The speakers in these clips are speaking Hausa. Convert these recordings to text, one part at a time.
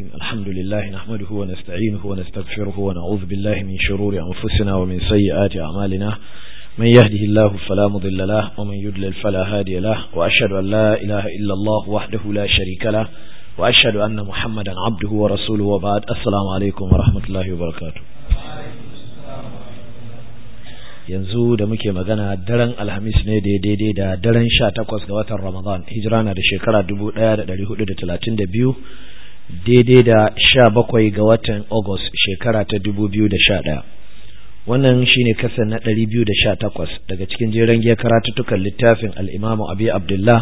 الحمد لله نحمده ونستعينه ونستغفره ونعوذ بالله من شرور أنفسنا ومن سيئات أعمالنا من يهده الله فلا مضل له ومن يضلل فلا هادي له وأشهد أن لا إله إلا الله وحده لا شريك له وأشهد أن محمدا عبده ورسوله وبعد السلام عليكم ورحمة الله وبركاته yanzu da muke magana daren alhamis ne daidai da daren sha takwas ga watan ramadan hijira na da shekara dubu ɗaya da ɗari hudu da talatin da biyu daidai da sha bakwai ga watan Agus shekara ta dubu biyu da sha ɗaya. Wannan shi ne kasa na ɗari biyu da sha takwas daga cikin jeren giya karatuttukan littafin al'imamu Abi Abdullah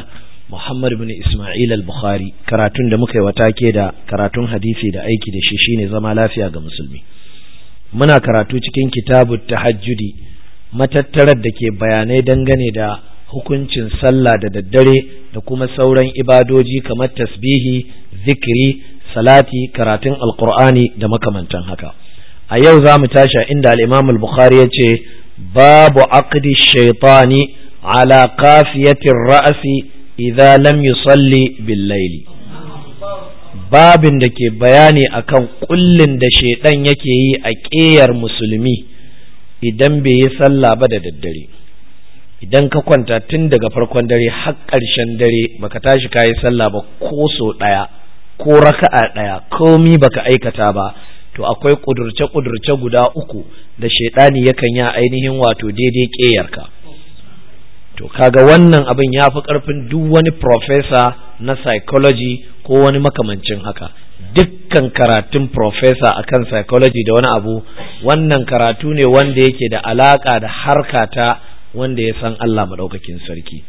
Muhammad bin Ismail al-Bukhari karatun da muka yi wata ke da karatun hadisi da aiki da shi shine zama lafiya ga musulmi. Muna karatu cikin kitabu tahajjudi matattarar da ke bayanai dangane da hukuncin sallah da daddare da kuma sauran ibadoji kamar tasbihi, zikiri salati karatun alkur'ani da makamantan haka a yau za mu tashi inda al-imam al-bukhari babu aqdi shaitani ala kafiyatin ra'asi, idan lam yusalli billaili. babin da ke bayani akan kullin da shaidan yake yi a ƙeyar musulmi idan bai yi sallah ba da daddare idan ka kwanta tun daga farkon dare har ƙarshen dare baka tashi kayi sallah ba ko so ɗaya ko raka'a ɗaya komi baka aikata ba to akwai ƙudurce-ƙudurce guda uku da shaidani yakan ya ainihin wato daidai ƙeyarka to kaga wannan abin ya fi ƙarfin duk wani profesa na psychology ko wani makamancin haka dukkan karatun profesa akan psychology da wani abu wannan karatu ne wanda yake da alaƙa da harka ta wanda ya san Allah maɗaukakin sarki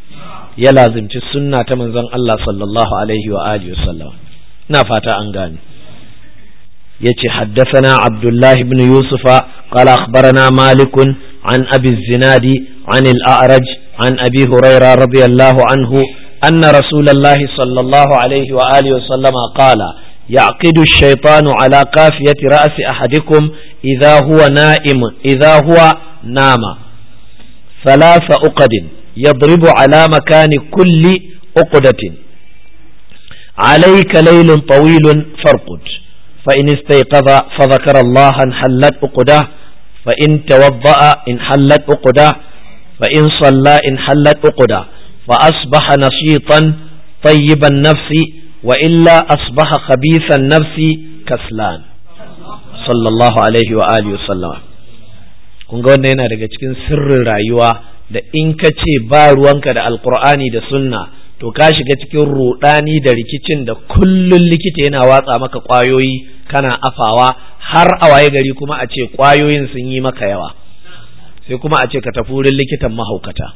ya lazimci sunna ta manzon Allah sallallahu alaihi wa alihi ina fata an gane yace haddathana abdullahi ibn yusufa qala akhbarana malik an abi zinadi an al-a'raj an abi huraira radiyallahu anhu anna rasulullahi sallallahu alaihi wa alihi wa sallama qala يعقد الشيطان على قافية رأس أحدكم إذا هو نائم إذا هو نام ثلاث أقد يضرب على مكان كل أقدة alayka laylun tawilun farqud fa in istayqadha fa dhakara Allah halat uqda fa in tawadda'a in halat uqda fa in salla in halat uqda fa asbaha nasitan tayyiban nafsi wa illa asbaha khabithan nafsi kaslan sallallahu alaihi wa alihi wa sallama kun ga yana daga cikin sirrin rayuwa da in ka ce ba ruwanka da alkur'ani da sunna to ka shiga cikin rudani da rikicin da kullun likita yana watsa maka kwayoyi kana afawa har a waye gari kuma a ce kwayoyin sun yi maka yawa sai kuma a ce ka tafi wurin likitan mahaukata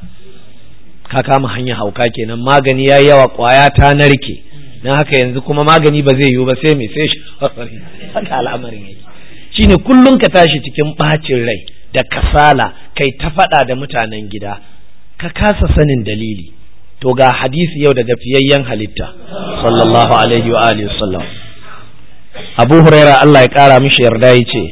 ka kama hanya hauka kenan magani ya yawa kwaya ta narke na haka yanzu kuma magani ba zai yiwu ba sai mai sai shawarwari haka al'amarin yake shine kullum ka tashi cikin bacin rai da kasala kai ta faɗa da mutanen gida ka kasa sanin dalili to ga hadisi yau daga fiyayyen halitta sallallahu alaihi wa alihi wasallam Abu Huraira Allah ya kara mishi yarda yace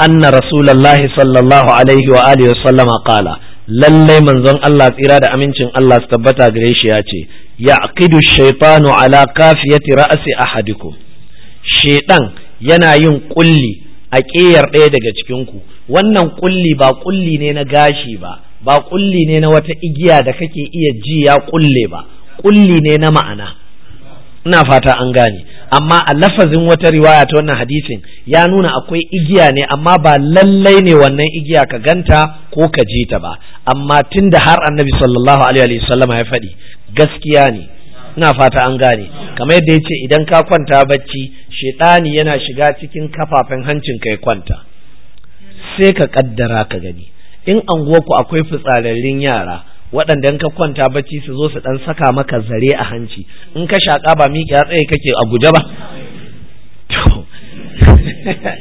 anna rasulullahi sallallahu alaihi wa alihi wasallam qala lallai manzon Allah tsira da amincin Allah su tabbata gare shi ya ce yaqidu shaytanu ala kafiyati ra'si ahadikum shaytan yana yin kulli a ƙeyar ɗaya daga cikin ku wannan kulli ba kulli ne na gashi ba ba kulli ne na wata igiya da kake iya ji ya kulle ba kulli ne na ma'ana ina fata an gane amma a lafazin wata riwaya ta wannan hadisin ya nuna akwai igiya ne amma ba lallai ne wannan igiya ka ganta ko ka ji ta ba amma tunda har annabi sallallahu alaihi wasallam ya faɗi gaskiya ne ina fata an gane kamar yadda yace idan ka kwanta bacci shaitani yana shiga cikin kafafen hancin ka ya kwanta sai ka kaddara ka gani in anguwarku akwai fitsararrin yara waɗanda in ka kwanta bacci su zo su ɗan saka maka zare a hanci in ka shaƙa ba miƙe tsaye kake a guje ba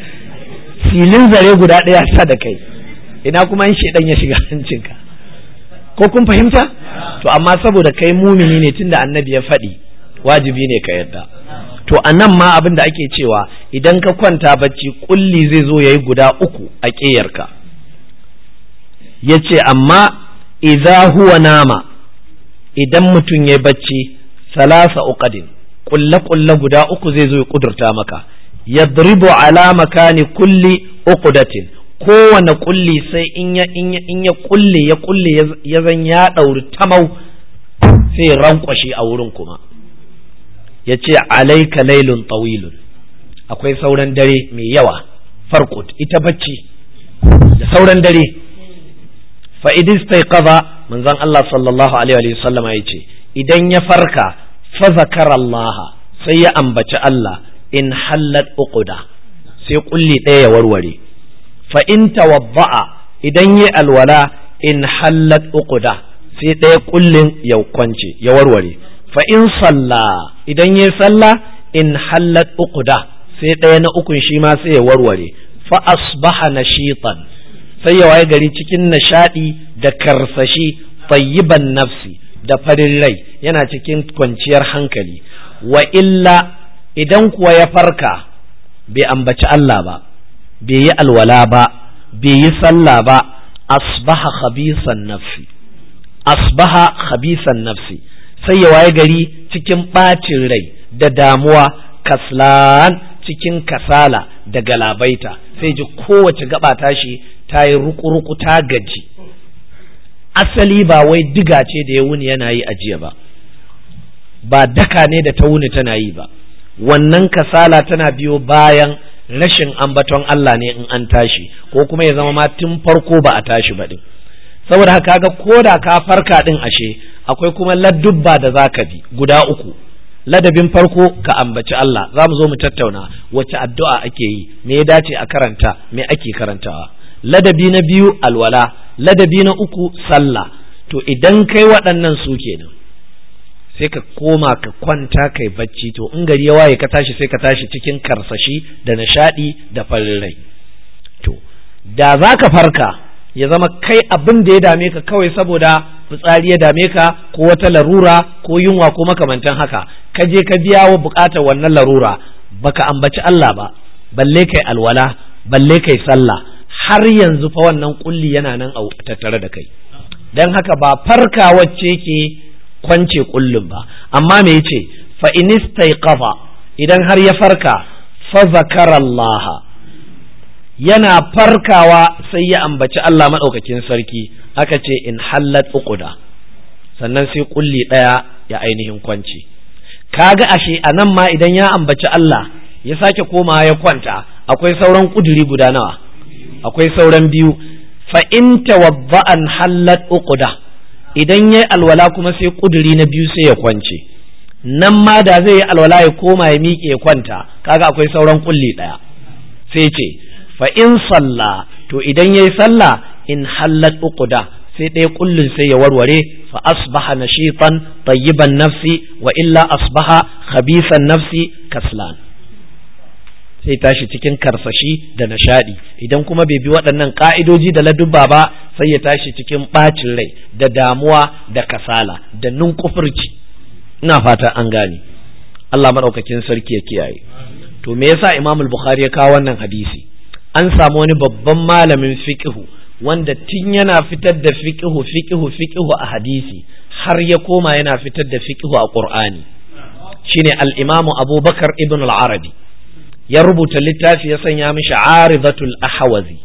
filin zare guda ɗaya sa da kai ina kuma in shedan ya shiga hancinka ko kun fahimta to amma saboda kai mumini ne tunda annabi ya faɗi wajibi ne ka yadda to a nan ma abin da ake cewa idan ka kwanta bacci kulli zai zo ya yi guda uku a ƙeyarka yace amma idza huwa nama idan mutum ya bacci salasa uqadin kulle kulle guda uku zai zo ya kudurta maka yadribu ala makani kulli uqdatin kowane kulli sai in ya in ya in ya kulle ya kulle ya zan ya dauri tamau sai rankwashi a wurin kuma yace alayka laylun tawilun akwai sauran dare mai yawa farkut ita bacci da sauran dare fa idistaiqaza manzon Allah sallallahu alaihi wa sallama ce, idan ya farka fa zakarallaha sai ya ambaci Allah in hallat uquda sai kulli ɗaya ya warware fa in tawadda'a idan ya alwala in hallat uquda sai ɗaya kullin ya kwance ya warware fa in salla idan ya salla in hallat uquda sai ɗaya na ukun shi ma sai ya warware fa asbaha nashitan sai ya waye gari cikin nishadi da karsashi tayyiban nafsi da farin rai yana cikin kwanciyar hankali wa illa idan kuwa ya farka bai ambaci Allah ba bai yi alwala ba bai yi sallah ba asbaha khabisan nafsi asbaha khabisan nafsi sai ya waye gari cikin ɓacin rai da damuwa kaslan cikin kasala da galabaita sai ji kowace gaba tashi ta yi ruku ta gaji asali ba wai diga ce da ya wuni yana yi ajiya ba ba daka ne da ta wuni tana yi ba wannan kasala tana biyo bayan rashin ambaton Allah ne in an tashi ko kuma ya zama ma tun farko ba a tashi ba din saboda haka ga koda da ka farka din ashe akwai kuma ladubba da zaka bi guda uku ladabin farko ka ambaci Allah za mu zo mu tattauna wace addu'a ake yi me ya dace a karanta me ake karantawa ladabi na biyu alwala ladabi na uku sallah to idan kai waɗannan su kenan sai ka koma ka kwanta kai bacci to in gari ya waye ka tashi sai ka tashi cikin karsashi da nishaɗi da farin rai to da za ka farka ya zama kai abin da ya dame ka kawai saboda fitsari ya dame ka ko wata larura ko yunwa ko makamantan haka ka je ka biya wa bukatar wannan larura baka ambaci Allah ba balle kai alwala balle kai sallah har yanzu fa wannan kulli yana nan a tattare da kai dan haka ba farka wacce ke kwance kullun ba amma me ce fa kafa idan har ya farka fa zakarallaha yana farkawa sai ya ambaci Allah madaukakin sarki aka ce in hallat uquda sannan sai kulli ɗaya ya ainihin kwance kaga ashe anan ma idan ya ambaci Allah ya sake komawa ya kwanta akwai sauran kuduri guda nawa akwai sauran biyu fa in tawadda'an hallat uquda idan yayi alwala kuma sai kuduri na biyu sai ya kwance nan ma da zai yi alwala ya koma ya miƙe ya kwanta kaga akwai sauran kulli daya sai ce fa in salla to idan yayi salla in hallat uquda sai ɗaya kullun sai ya warware fa asbaha nashitan tayyiban nafsi wa illa asbaha khabisan nafsi kaslan sai tashi cikin karsashi da nishadi idan kuma bai bi waɗannan ka'idoji da ladubba ba sai ya tashi cikin ɓacin rai da damuwa da kasala da nunkufurci ina fata an gane Allah madaukakin sarki ya kiyaye to me yasa Imam bukhari ya kawo wannan hadisi an samu wani babban malamin fiqhu wanda tun yana fitar da fiqhu fiqhu fiqhu a hadisi har ya koma yana fitar da fiqhu a Qur'ani shine al-Imam Abu Bakar ibn al-Arabi ya rubuta littafi ya sanya mishi arizatul ahawazi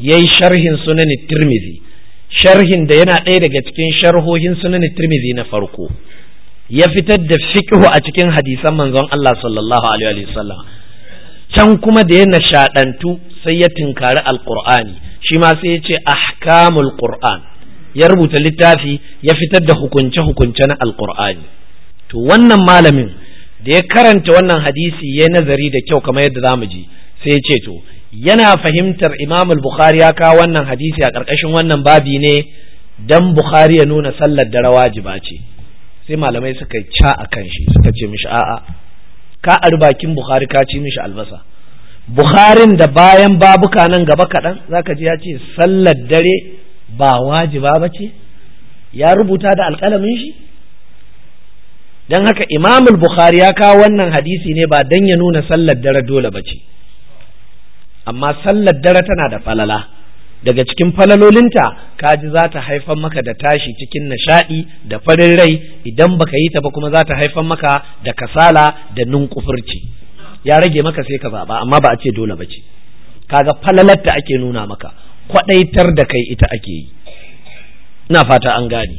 yayi sharhin sunan tirmizi sharhin da yana ɗaya daga cikin sharhohin sunan tirmizi na farko ya fitar da fiqhu a cikin hadisan manzon Allah sallallahu alaihi can kuma da ya nishadantu sai ya tinkari alqur'ani shi ma sai ya ce ahkamul qur'an ya rubuta littafi ya fitar da hukunce hukunce na alqur'ani to wannan malamin da ya karanta wannan hadisi ya nazari da kyau kamar yadda za mu ji sai ya ce to yana fahimtar Imam al-Bukhari ya kawo wannan hadisi a ƙarƙashin wannan babi ne dan Bukhari ya nuna sallar da rawajiba ce sai malamai suka ca a kan shi suka ce mishi a'a ka arbakin Bukhari ka ci mishi albasa Bukharin da bayan babuka nan gaba kaɗan zaka ji ya ce sallar dare ba wajiba ba ce ya rubuta da alƙalamin shi don haka imamul bukhari ya kawo wannan hadisi ne ba dan ya nuna sallar dare dole ba ce amma sallar dare tana da falala daga cikin falalolinta kaji za ta haifar maka da tashi cikin nishaɗi da farin rai idan baka yi ta ba kuma za ta haifar maka da kasala da nunkufurci ya rage maka sai ka zaɓa amma ba a ce dole ba ce kaga falalar da ake nuna maka kwaɗaitar da kai ita ake yi ina fata an gane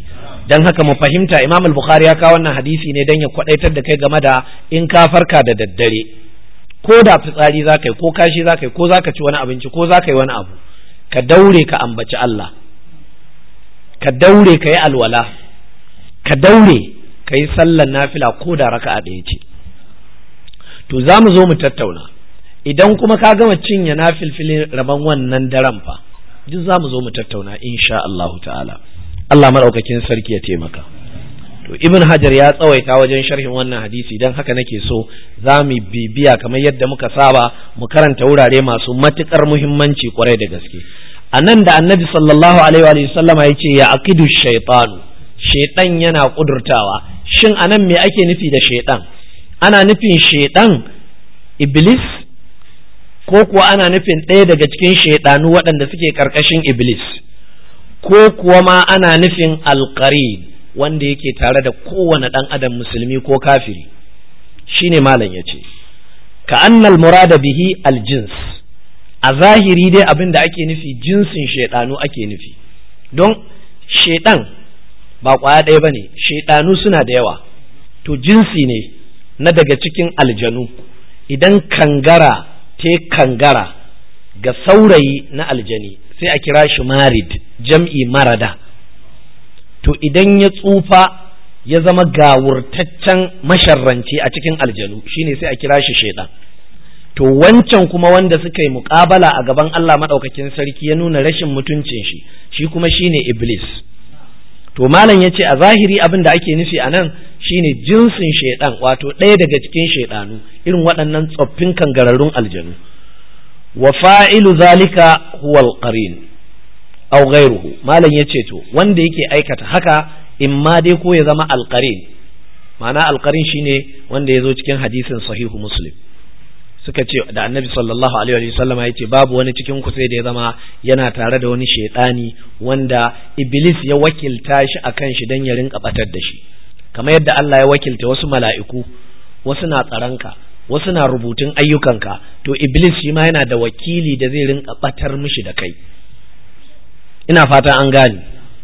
dan haka mu fahimta Imam al-Bukhari ya kawo wannan hadisi ne dan ya kwadaitar da kai game da in ka farka da daddare ko da fitsari zakai yi ko kashi zakai ko zaka ci wani abinci ko zakai yi wani abu ka daure ka ambaci Allah ka daure ka yi alwala ka daure ka yi sallar nafila ko da raka'a ɗaya ce to za mu zo mu tattauna idan kuma ka gama cinye nafilfilin rabon wannan daren fa duk za mu zo mu tattauna insha Allahu ta'ala Allah maɗaukakin sarki ya taimaka to ibn hajar ya tsawaita wajen sharhin wannan hadisi don haka nake so za mu bibiya kamar yadda muka saba mu karanta wurare masu matukar muhimmanci kwarai da gaske a nan da annabi sallallahu alaihi wa sallama ya ce ya aqidu shaytanu shaytan yana kudurtawa shin a nan me ake nufi da shaytan ana nufin shaytan iblis ko kuwa ana nufin ɗaya daga cikin shaiɗanu waɗanda suke karkashin iblis ko kuwa ma ana nufin alqarib wanda yake tare da kowane ɗan adam musulmi ko kafiri shine malam ya ce ka annal murada bihi aljins a zahiri dai abin da ake nufi jinsin shaiɗanu ake nufi don shaiɗan ba kwaya ɗaya ba ne shaidanu suna da yawa to jinsi ne na daga cikin aljanu idan kangara te kangara ga saurayi na aljani sai a kira shi marid jam'i marada to idan ya tsufa ya zama gawurtaccen masharranci a cikin aljanu shine sai a kira shi sheda to wancan kuma wanda suka yi muƙabala a gaban Allah maɗaukakin sarki ya nuna rashin mutuncin shi shi kuma shine iblis to malam ya ce a zahiri abin da ake nufi a nan shine jinsin shaidan wato ɗaya daga cikin shaidanu irin waɗannan tsoffin kangararrun aljanu wa fa'ilu zalika huwa alqarin aw ghayruhu yace to wanda yake aikata haka in ma dai ko ya zama alqarin ma'ana alqarin shine wanda ya zo cikin hadisin sahihu muslim suka ce da annabi sallallahu alaihi wa sallama yace babu wani cikin ku sai da ya zama yana tare da wani shaidani wanda iblis ya wakilta shi akan shi dan ya rinka batar da shi kamar yadda Allah ya wakilta wasu mala'iku wasu na tsaranka wasu na rubutun ayyukanka to iblis shi ma yana da wakili da zai rinka batar mishi da kai ina fatan an gane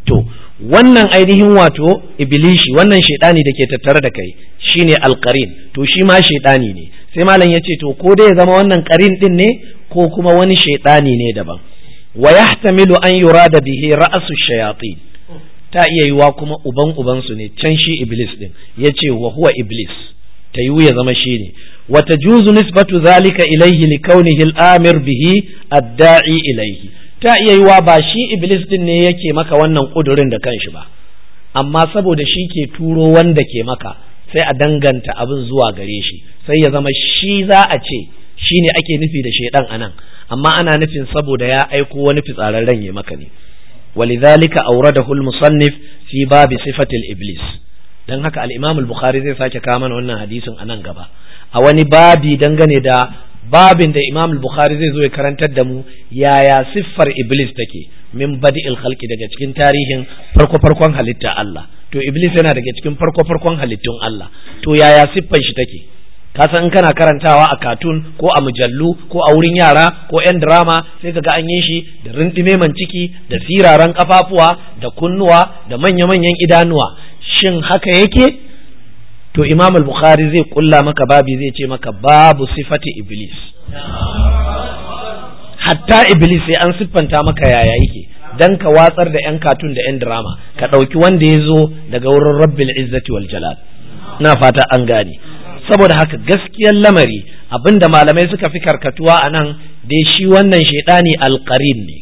to wannan ainihin wato ibilishi wannan shaidani da ke tattare da kai shine alqarin to shi ma shaidani ne sai malam ya ce to ko dai ya zama wannan karin din ne ko kuma wani shaidani ne daban wa yahtamilu an da bihi ra'su shayatin ta iya yiwa kuma uban ubansu ne can shi iblis din yace wa huwa iblis ta yiwu ya zama shi ne وتجوز نسبة ذلك إليه لكونه الآمر به الداعي إليه ta iya yi wa ba shi iblis din ne yake maka wannan kudurin da kanshi ba amma saboda shi ke turo wanda ke maka sai a danganta abin zuwa gare shi sai ya zama shi za a ce shi ne ake nufi da shaidan anan amma ana nufin saboda ya aiko wani fitsararren ya maka ne aura da المصنف fi babu sifatil Iblis. dan haka Al'imamul bukhari zai sake kawo mana wannan hadisin anan gaba a wani babi dangane da babin da Imam Bukhari zai zo ya karantar da mu yaya siffar Iblis take min badi'il khalqi daga cikin tarihin farko farkon halitta Allah to Iblis yana daga cikin farko farkon halittun Allah to yaya siffar shi take ka san in kana karantawa a katun ko a mujallu ko a wurin yara ko yan drama sai ka ga an yi shi da rindime man ciki da siraran kafafuwa da kunnuwa da manya-manyan idanuwa shin haka yake to imam al-bukhari zai kulla maka babi zai ce maka babu sifati iblis hatta iblis sai an siffanta maka yaya yake dan ka watsar da yan katun da yan drama ka ɗauki wanda ya zo daga wurin rabbil izzati wal jalal na fata an gane saboda haka gaskiyar lamari abinda malamai suka fi karkatuwa a nan dai shi wannan shaidani alqarin ne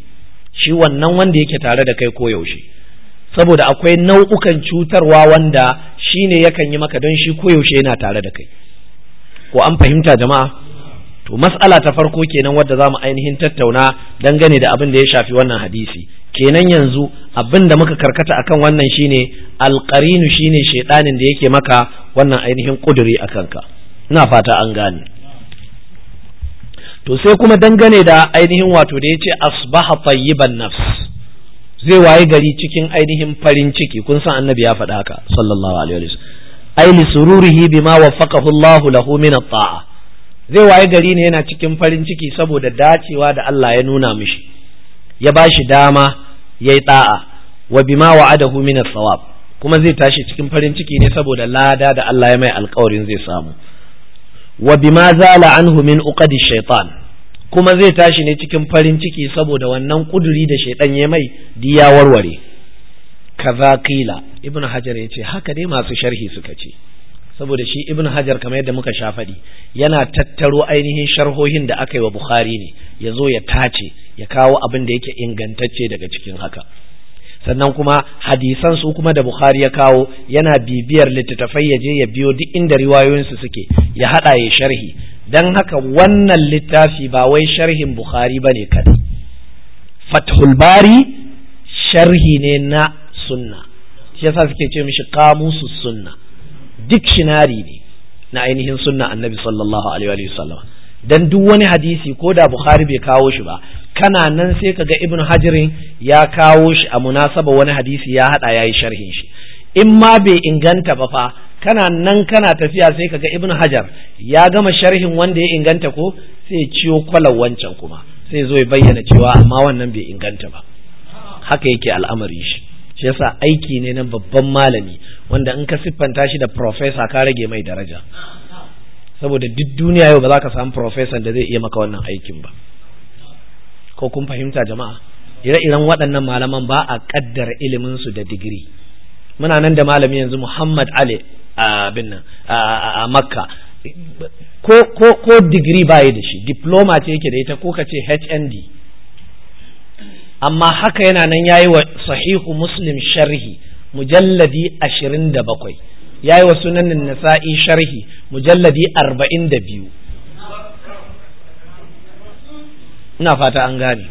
shi wannan wanda yake tare da kai koyaushe saboda akwai nau'ukan cutarwa wanda shi ne yakan yi maka don shi koyaushe yana tare da kai ko an fahimta jama'a to mas'ala ta farko kenan wadda za mu ainihin tattauna dangane da abin da ya shafi wannan hadisi kenan yanzu abin da muka karkata akan wannan shine shi shine shaidanin da yake maka wannan ainihin kuduri a kanka ina fata an gane to sai kuma dangane da ainihin wato da ya asbaha tayyiban nafs zai waye gari cikin ainihin farin ciki kun san annabi ya faɗa haka sallallahu alaihi wasallam ai li sururihi bima waffaqahu Allahu lahu min at-ta'a zai waye gari ne yana cikin farin ciki saboda dacewa da Allah ya nuna mishi ya bashi dama yayi ta'a wa bima wa'adahu min as-sawab kuma zai tashi cikin farin ciki ne saboda lada da Allah ya mai alƙawarin zai samu wa bima zala anhu min uqadi shaytan kuma zai tashi ne cikin farin ciki saboda wannan kuduri da shaidan ya mai diya warware kaza kila ibn hajar ya ce haka dai masu sharhi suka ce saboda shi ibn hajar kamar yadda muka sha faɗi yana tattaro ainihin sharhohin da aka yi wa bukhari ne ya zo ya tace ya kawo abin da yake ingantacce daga cikin haka sannan kuma hadisan su kuma da bukhari ya kawo yana bibiyar littattafai ya je ya biyo duk inda riwayoyinsu suke ya haɗa ya sharhi don haka wannan littafi ba wai sharhin bukhari ba ne kadai fathul bari sharhi ne na sunna shi yasa suke ce mishi kamusu sunna dictionary ne na ainihin sunna annabi sallallahu alaihi wa sallam dan duk wani hadisi ko da bukhari bai kawo shi ba kana nan sai kaga ibn hajirin ya kawo shi a munasaba wani hadisi ya hada yayi sharhin shi in ma bai inganta ba fa kana nan kana tafiya sai kaga ibn hajar ya gama sharhin wanda ya inganta ko sai ya ciyo kwalar wancan kuma sai zo ya bayyana cewa amma wannan bai inganta ba haka yake al'amari shi shi yasa aiki ne na babban malami wanda in ka siffanta shi da professor ka rage mai daraja saboda duk duniya yau ba za ka samu professor da zai iya maka wannan aikin ba ko kun fahimta jama'a ire-iren waɗannan malaman ba a ƙaddara su da digiri muna nan da malami yanzu Muhammad Ali a bin a Makka ko ko ko digiri baya da shi diploma ce yake da ita ko ka ce HND amma haka yana nan yayi wa sahihu muslim sharhi mujalladi 27 yayi wa sunanin nasa'i sharhi mujalladi 42 ina fata an gane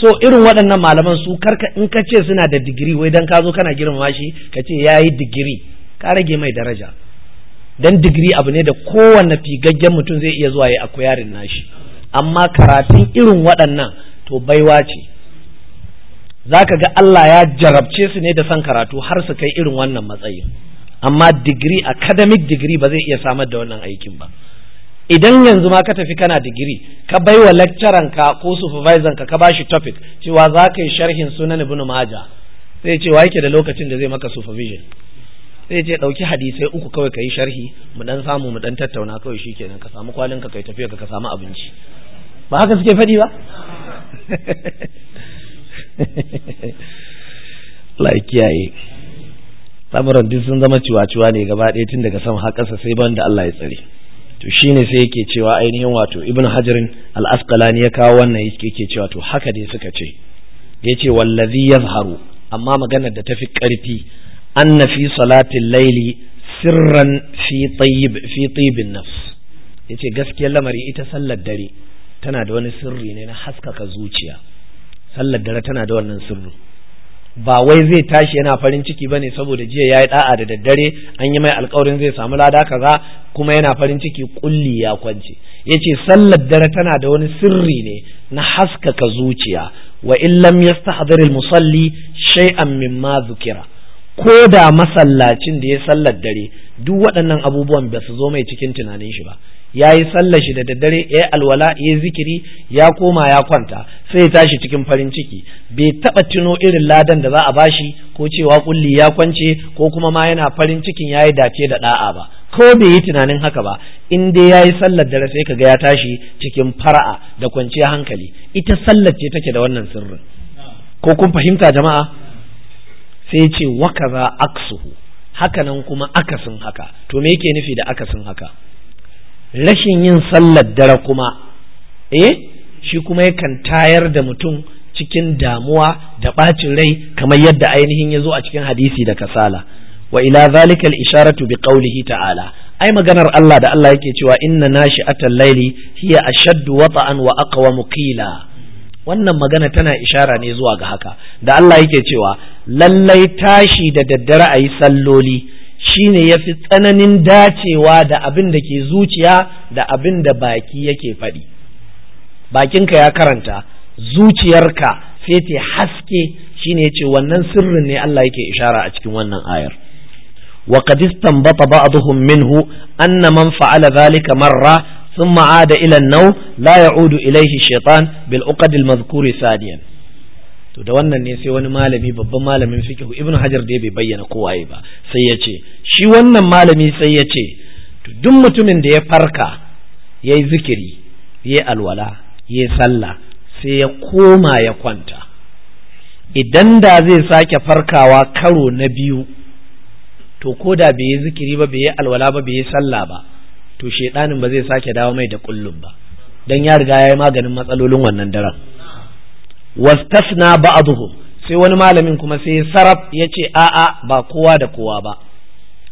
so irin waɗannan malaman su karka in ka ce suna da digiri wai dan ka zo kana girmama shi ka ce ya yi digiri ka rage mai daraja dan digiri abu ne da kowanne figaggen mutum zai iya zuwa ya akuyarin nashi amma karatun irin waɗannan to baiwa ce Za ka ga Allah ya jarabce su ne da son karatu har su kai irin wannan matsayin amma digiri academic digiri ba zai iya samar da wannan aikin ba idan yanzu ma ka tafi kana digiri ka bai wa lecturer ka ko supervisor ka ka bashi topic cewa za ka yi sharhin sunan ibnu majah sai ce wa yake da lokacin da zai maka supervision sai ce dauki hadisai uku kawai ka yi sharhi mu dan samu mu dan tattauna kawai shikenan ka samu kwalin ka kai tafiya ka samu abinci ba haka suke faɗi ba like ya kiyaye lamuran duk sun zama ciwa-ciwa ne gaba ɗaya tun daga sama har ƙasa sai ban da Allah ya tsare to shine sai yake cewa ainihin wato ibn hajarin al-asqalani ya kawo wannan yake cewa to haka dai suka ce ce, wallazi yazharu amma maganar da tafi karfi anna fi salatin laili sirran fi tayyib fi tayyibin nafs yace gaskiyar lamari ita sallar dare tana da wani sirri ne na haskaka zuciya sallar dare tana da wannan sirri ba wai zai tashi yana farin ciki ba ne saboda jiya ya yi da'a da daddare an yi mai alkawarin zai samu lada kaza kuma yana farin ciki kulli ya kwance ya ce sallar dare tana da wani sirri ne na haskaka zuciya wa in lam yastahdhir musalli shay'an mimma zukira ko da masallacin da ya sallar dare duk waɗannan abubuwan ba su zo mai cikin tunanin shi ba ya yi sallar shi da daddare ya yi alwala ya zikiri ya koma ya kwanta sai ya tashi cikin farin ciki bai taɓa tuno irin ladan da za a bashi ko cewa kulli ya kwance ko kuma ma yana farin cikin ya yi dace da ɗa'a ba ko bai yi tunanin haka ba in dai ya yi sallar dare sai kaga ya tashi cikin fara'a da kwanciya hankali ita sallar ce take da wannan sirrin ko kun fahimta jama'a sai ce wakaza aksuhu hakanan kuma akasin haka to me yake nufi da akasin haka rashin yin sallar dare kuma eh shi kuma yakan tayar da mutum cikin damuwa da ɓacin rai kamar yadda ainihin ya zo a cikin hadisi da kasala wa ila zalika al-isharatu bi qawlihi ta'ala ai maganar Allah da Allah yake cewa inna nashi'atal layli hiya ashaddu wata'an wa aqwa muqila wannan magana tana ishara ne zuwa ga haka da Allah yake cewa lallai tashi da daddare a yi salloli shine fi tsananin dacewa da abin da ke zuciya da abin da baki yake faɗi bakinka ya karanta zuciyarka sai ta haske shine ce wannan sirrin ne Allah yake ishara a cikin wannan ayar wa qad istanbata ba'dhum minhu anna man fa'ala dhalika marra ثم عاد la ya'udu لا يعود bil الشيطان بالعقد المذكور sadiyan. to da wannan ne sai wani malami babban malamin fiqh ibn hajar da bai bayyana kowaye ba sai ya ce shi wannan malami sai ya ce to duk mutumin da ya farka ya yi zikiri ya yi alwala ya yi sallah sai ya koma ya kwanta idan da zai sake farkawa karo na biyu to ko da bai yi zikiri ba bai yi alwala ba bai yi sallah ba to shedanin ba zai sake dawo mai da kullum ba dan ya riga ya yi maganin matsalolin wannan daren wastasna ba'dhum sai wani malamin kuma sai saraf ya ce a'a ba kowa da kowa ba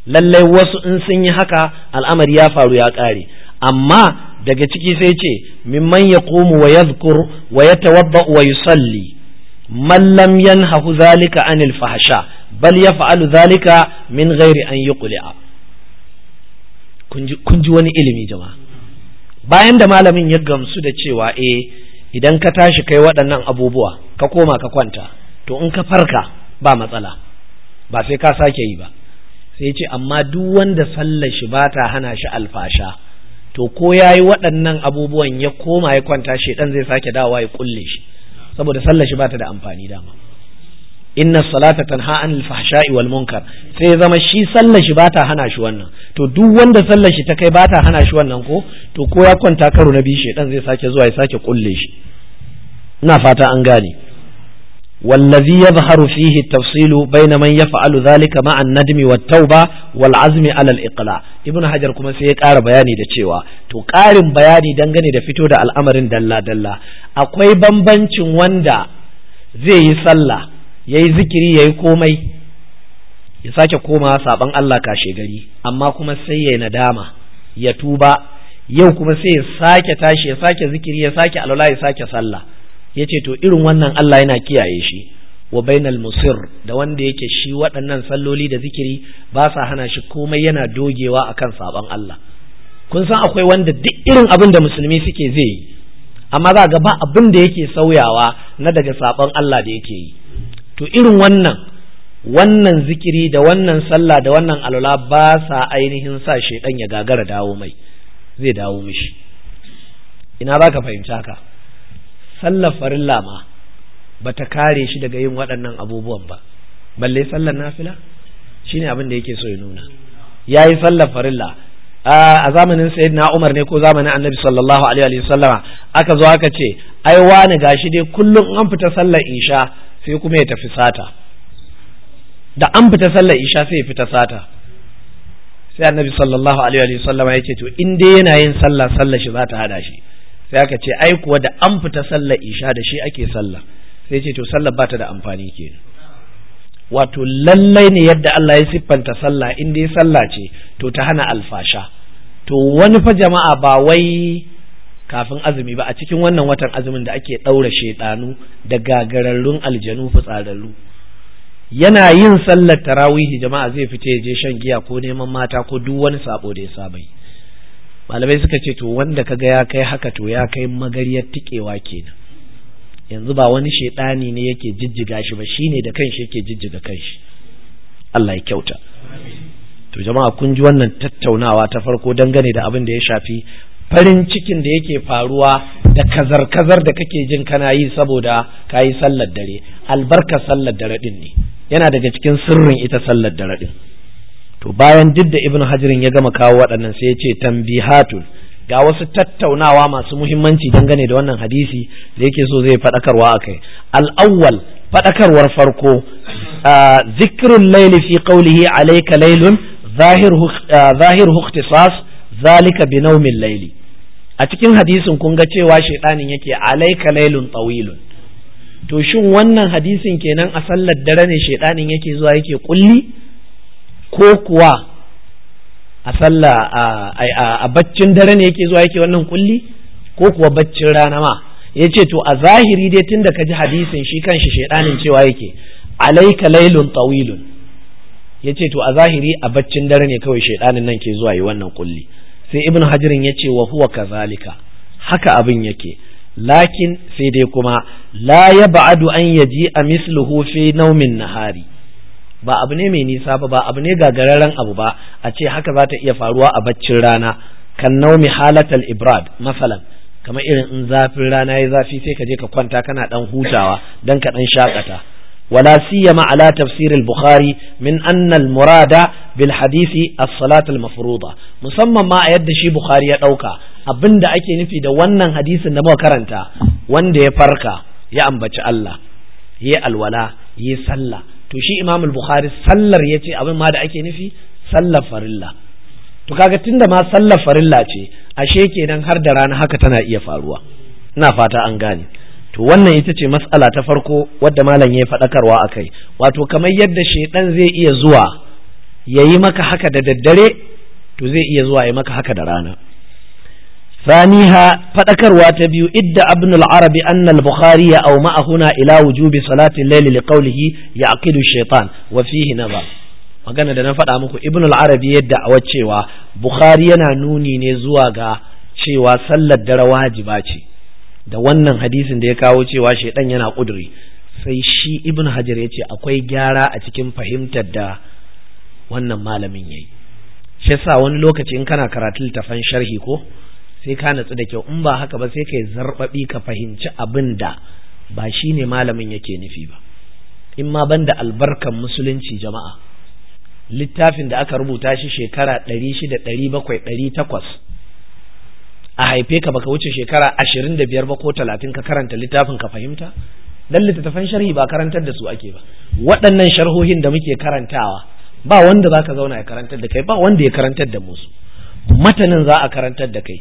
lallai wasu in sun yi haka al'amari ya faru ya ƙare amma daga ciki sai ce mimman ya komu wa yadhkur wa ya wa yusalli man lam yanhahu zalika anil fahsha bal yaf'alu zalika min ghairi an yuqli'a kun ji wani ilimi jama'a bayan da malamin ya gamsu da cewa eh idan ka tashi kai waɗannan abubuwa ka koma ka kwanta to in ka farka ba matsala ba sai ka sake yi ba sai ce amma duk wanda sallar shi ba ta hana shi alfasha to ko ya yi waɗannan abubuwan ya koma ya kwanta shi ɗan zai sake dawowa ya kulle shi saboda sallar shi ba ta da amfani dama inna salata tanha anil fahsha'i wal munkar sai ya zama shi sallashi shi bata hana shi wannan to duk wanda sallashi ta kai bata hana shi wannan ko to ko ya kwanta karo na biyu shedan zai sake zuwa ya sake kulle shi ina fata an gane Wallazi والذي يظهر فيه التفصيل بين من يفعل ذلك مع الندم alal والعزم على Hajar kuma sai ya سيقار bayani da cewa to ƙarin bayani dangane da fito da al'amarin dalla dalla akwai bambancin wanda zai yi sallah ya yi zikiri ya yi komai ya sake komawa saban Allah kashe gari amma kuma sai ya nadama ya tuba yau kuma sai ya sake tashi ya sake zikiri ya sake alwala ya sake sallah ya ce to irin wannan Allah yana kiyaye shi wa bainal musir da wanda yake shi waɗannan salloli da zikiri ba sa hana shi komai yana dogewa akan saban Allah kun san akwai wanda duk irin abin da musulmi suke zai yi amma za ga ba abin da yake sauyawa na daga saban Allah da yake yi to irin wannan wannan zikiri da wannan sallah da wannan alwala ba sa ainihin sa shaidan ya gagara dawo mai zai dawo mishi ina ba ka fahimta ka sallar farilla ma ba ta kare shi daga yin waɗannan abubuwan ba balle sallar nafila ne abin da yake so ya nuna Ya yi sallar farilla a zamanin sayyidina Umar ne ko zamanin Annabi sallallahu alaihi wa sallama aka zo aka ce ai wani gashi dai kullum an fita sallar isha sai kuma ya tafi sata da an fita sallar isha sai ya fita sata sai annabi sallallahu alaihi wa sallama ya ce to in dai yana yin sallah sallar shi za ta hada shi sai aka ce ai kuwa da an fita sallar isha da shi ake sallah sai ce to sallar ba ta da amfani kenan wato lallai ne yadda Allah ya siffanta sallah in dai sallah ce to ta hana alfasha to wani fa jama'a ba wai kafin azumi ba a cikin wannan watan azumin da ake ɗaura shaiɗanu da gagararrun aljanu fitsararru yana yin sallar tarawihi jama'a zai fita ya je shan giya ko neman mata ko duk wani sabo da ya saba yi malamai suka ce to wanda kaga ya kai haka to ya kai magaryar tikewa kenan yanzu ba wani shaidani ne yake jijjiga shi ba shine da kanshi yake jijjiga kanshi Allah ya kyauta to jama'a kun ji wannan tattaunawa ta farko dangane da abin da ya shafi farin cikin da yake faruwa da kazar-kazar da kake jin kana yi saboda ka yi sallar dare albarka sallar dare din ne yana daga cikin sirrin ita sallar dare din to bayan duk da ibn hajirin ya gama kawo waɗannan sai ya ce tambihatun ga wasu tattaunawa masu muhimmanci dangane da wannan hadisi da yake so zai faɗakarwa a kai al'awwal faɗakarwar farko zikirin laili fi qawlihi alayka laylun zahir ikhtisas zalika bi naumin laili a cikin hadisin kun ga cewa shaidanin yake alaika lailun tsawilun to shin wannan hadisin kenan a sallar dare ne shaidanin yake zuwa yake kulli ko kuwa a sallar a baccin dare ne yake zuwa yake wannan kulli ko kuwa baccin rana ma ya ce to a zahiri dai tun da ka ji hadisin shi kanshi shaidanin cewa yake alaika lailun tawilun ya ce to a zahiri a baccin dare ne kawai shaidanin nan ke zuwa yi wannan kulli sai ibn hajirin ya ce wa huwa kazalika haka abin yake lakin sai dai kuma la ya ba'adu an yaji a misluhu fi naumin nahari ba abu ne mai nisa ba ba abu ne gagararren abu ba a ce haka za ta iya faruwa a baccin rana kan naumi halatal ibrad masalan kamar irin in zafin rana ya zafi sai ka je ka kwanta kana dan hutawa dan ka dan shakata ولا سيما على تفسير البخاري من أن المراد بالحديث musamman ma a yadda shi شي ya ɗauka abinda ake nufi da wannan hadisin da muka karanta wanda ya farka ya ambaci Allah ya alwala ya sallah to shi imamul al-Bukhari sallar yace abin ma da ake nufi sallar farilla to kaga tunda ma sallar farilla ce ashe kenan har da rana haka tana iya faruwa ina fata an gane to wannan ita ce matsala ta farko wadda malam ya faɗakarwa a kai wato kamar yadda shaidan zai iya zuwa ya yi maka haka da daddare to zai iya zuwa ya maka haka da rana ثانيها فذكروا تبيو إد ابن العرب أن البخاري أو ما هنا إلى salatin صلاة الليل لقوله يعقد الشيطان وفيه nazar magana da na faɗa muku ibn al-arab ya cewa bukhari yana nuni ne zuwa ga cewa sallar dare wajiba ce da wannan hadisin da ya kawo cewa shaidan yana kuduri sai shi ibn hajar ya ce akwai gyara a cikin fahimtar da wannan malamin ya yi. shi sa wani lokaci in kana karatu littafan sharhi ko sai ka natsu da kyau in ba haka ba sai kai zarbabi ka fahimci abin da ba shi ne malamin yake nufi ba in ma banda albarkan musulunci jama'a littafin da aka rubuta shi shekara ɗari shida ɗari bakwai ɗari takwas a haife ka baka wuce shekara ashirin da biyar ba ko talatin ka karanta littafin ka fahimta dan littattafan sharhi ba karantar da su ake ba waɗannan sharhohin da muke karantawa ba wanda za ka zauna ya karantar da kai ba wanda ya karantar da musu matanin za a karantar da kai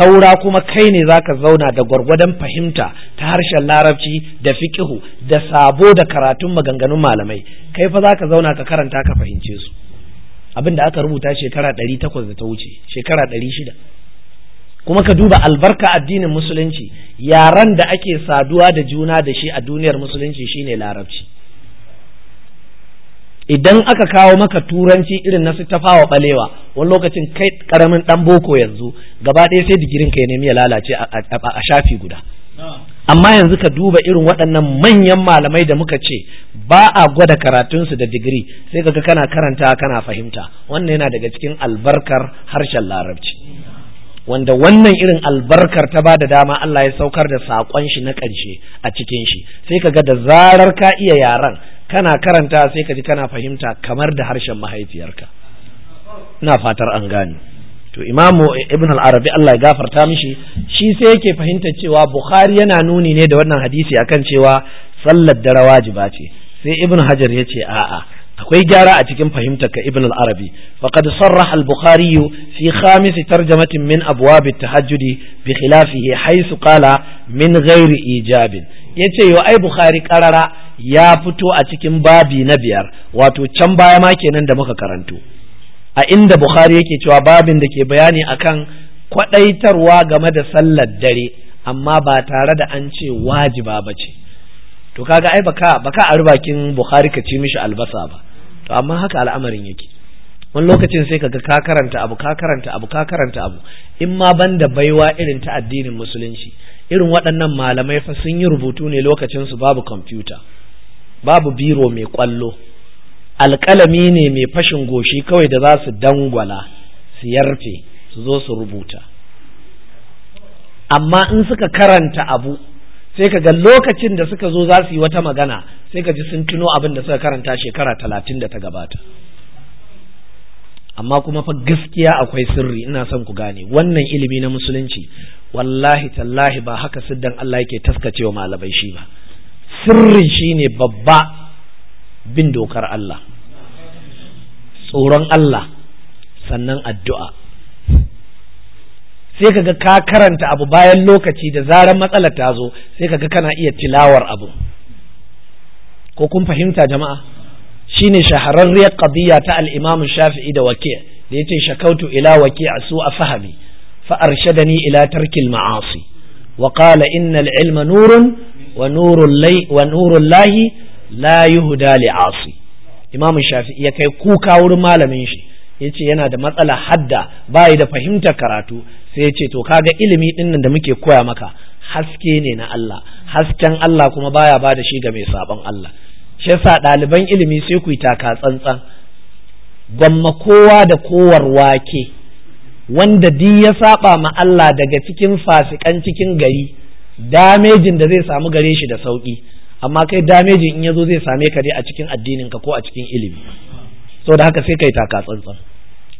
saura kuma kai ne za ka zauna da gwargwadon fahimta ta harshen larabci da fiƙihu da sabo da karatun maganganun malamai kai fa za ka zauna ka karanta ka fahimce su abin da aka rubuta shekara ɗari takwas da ta wuce shekara ɗari shida kuma ka duba albarka addinin musulunci yaran da ake saduwa da juna da shi a duniyar musulunci shine larabci idan aka kawo maka turanci irin na su tafawa balewa wani lokacin kai karamin dan boko yanzu gaba ɗaya sai digirin ka ya nemi ya lalace a shafi guda amma yanzu ka duba irin waɗannan manyan malamai da muka ce ba a gwada karatunsu da digiri sai kaga kana karanta kana fahimta wannan yana daga cikin albarkar harshen larabci wanda wannan irin albarkar ta bada dama Allah ya saukar da saƙon shi na ƙarshe a cikin shi sai ka ga da zarar ka iya yaran kana karanta sai ka ji kana fahimta kamar da harshen mahaifiyarka ina fatar an gane to imamu ibn al-arabi Allah ya gafarta mishi shi sai yake fahimta cewa bukhari yana nuni ne da wannan hadisi akan cewa sallar da rawajiba ce sai ibn hajar ya ce a'a akwai gyara a cikin fahimtar ka ibn al-arabi faqad sarraha al-bukhari fi khamis tarjamatin min abwab at-tahajjud bi khilafihi haythu qala min ghairi ijabin yace yo ai bukhari karara ya fito a cikin babi na biyar wato can baya ma kenan da muka karanto a inda bukhari yake cewa babin da ke bayani akan kwadaitarwa game da sallar dare amma ba tare da an ce wajiba ba ce to kaga ai baka baka a bakin bukhari ka ci mishi albasa ba to amma haka al'amarin yake wani lokacin sai kaga ka karanta abu ka karanta abu ka karanta abu in ma ban da baiwa irin ta addinin musulunci irin waɗannan malamai fa sun yi rubutu ne lokacin su babu kwamfuta babu biro mai kwallo alƙalami ne mai fashin goshi kawai da za su dangwala su yarfe su zo su rubuta amma in suka karanta abu sai ka ga lokacin da suka zo za su yi wata magana sai ka ji sun tuno abin da suka karanta shekara talatin da ta gabata amma kuma fa gaskiya akwai sirri ina son ku gane wannan ilimi na musulunci wallahi tallahi ba haka siddan Allah yake taskacewa malamai shi ba sirrin shine babba bin dokar Allah tsoron Allah sannan addu'a sai kaga ka karanta abu bayan lokaci da zaran matsala ta zo sai kaga kana iya tilawar abu ko kun fahimta jama'a shine shahararriyar qadiyya ta al-Imam Shafi'i da wake da yace shakautu ila a su a fahami fa arshadani ila tarkil ma'asi wa qala innal ilma nurun wa nurul lay wa nurul lahi la yuhda Imam Shafi'i ya kai kuka wurin malamin shi ya ce yana da matsala hadda ba yi da fahimtar karatu sai ya ce to kaga ilimi nan da muke koya maka haske ne na Allah hasken Allah kuma baya ba da shi ga mai sabon Allah shi yasa ɗaliban ilimi sai ku yi taka tsantsan gwamma kowa da kowar wake wanda di ya saba ma Allah daga cikin fasikan cikin gari damejin da zai samu gare shi da sauki amma kai damejin in yazo zai same ka dai a cikin addinin ka ko a cikin ilimi saboda haka sai kai taka tsantsan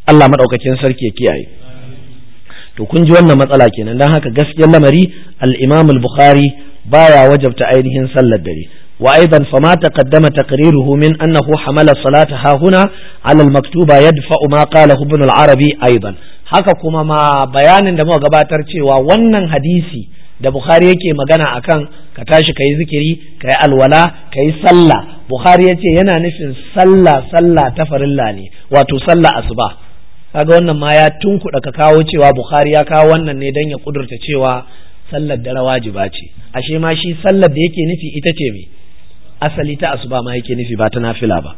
Allah madaukakin sarki ya kiyaye to kun ji wannan matsala kenan dan haka gaskiyar lamari al-Imam al-Bukhari baya wajabta ainihin sallar dare وأيضا فما تقدم تقريره من أنه annahu الصلاة salatu hahuna? على المكتوبة يدفع ما قاله ابن arabi أيضا haka kuma ma bayanin da muka gabatar cewa wannan hadisi da Bukhari yake magana akan ka tashi ka yi zikiri ka yi alwala ka yi sallah Bukhari ya ce yana nufin sallah sallah ta farilla ne wato sallah asuba kaga wannan ma ya tunkuɗa ka kawo cewa bukhari ya kawo wannan ne don ya kudurta cewa sallar dare wajiba ce ashe ma shi sallar da yake nufi ita ce me asali ta asuba ma yake nufi ba ta nafila ba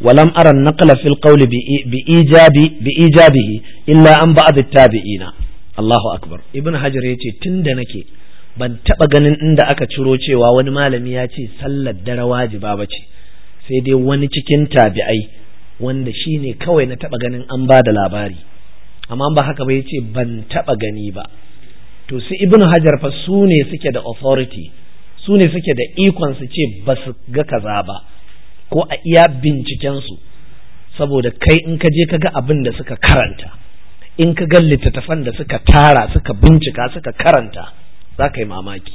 Walam ولم bi ijabi bi ijabihi illa an ba'd at-tabi'ina Allahu akbar ibn hajar yace tunda nake ban taɓa ganin inda aka ciro cewa wani malami ya ce sallar dare wajiba ba ce sai dai wani cikin tabi'ai wanda shi ne kawai na taɓa ganin an ba da labari amma ba haka ba ya ce ban taɓa gani ba to su ibn hajar fa su ne suke da authority su ne suke da ikon su ce ba su ga kaza ba ko a iya bincikensu saboda kai in ka je ka ga abin da suka karanta in ka ga littattafan da suka tara suka bincika suka karanta za ka yi mamaki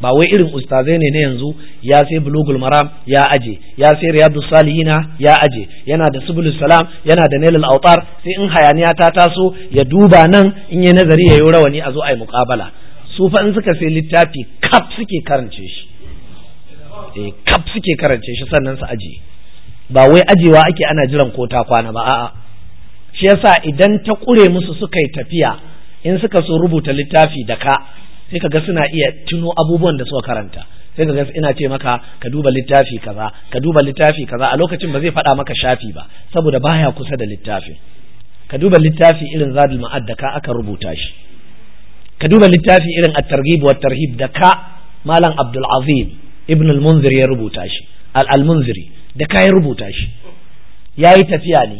ba wai irin ustazai ne na yanzu ya sai bulugul maram ya aje ya sai riyadu salihina ya aje yana da subul salam yana da nailul autar sai in hayaniya ta taso ya duba nan in ya nazari ya yi rawani a zo a yi muƙabala su fa in suka sai littafi kaf suke karance shi eh kaf suke karance shi sannan su aje ba wai ajewa ake ana jiran ko ta kwana ba a'a shi yasa idan ta kure musu suka yi tafiya in suka so rubuta littafi da ka sai ka ga suna iya tuno abubuwan da suka karanta sai ka ga ina ce maka ka duba littafi kaza ka duba littafi kaza a lokacin ba zai faɗa maka shafi ba saboda baya kusa da littafi ka duba littafi irin zadul ma'ad da ka aka rubuta shi ka duba littafi irin at-targhib wa tarhib da ka malam abdul azim ibn al-munzir ya rubuta shi al-munziri da ka ya rubuta shi yayi tafiya ne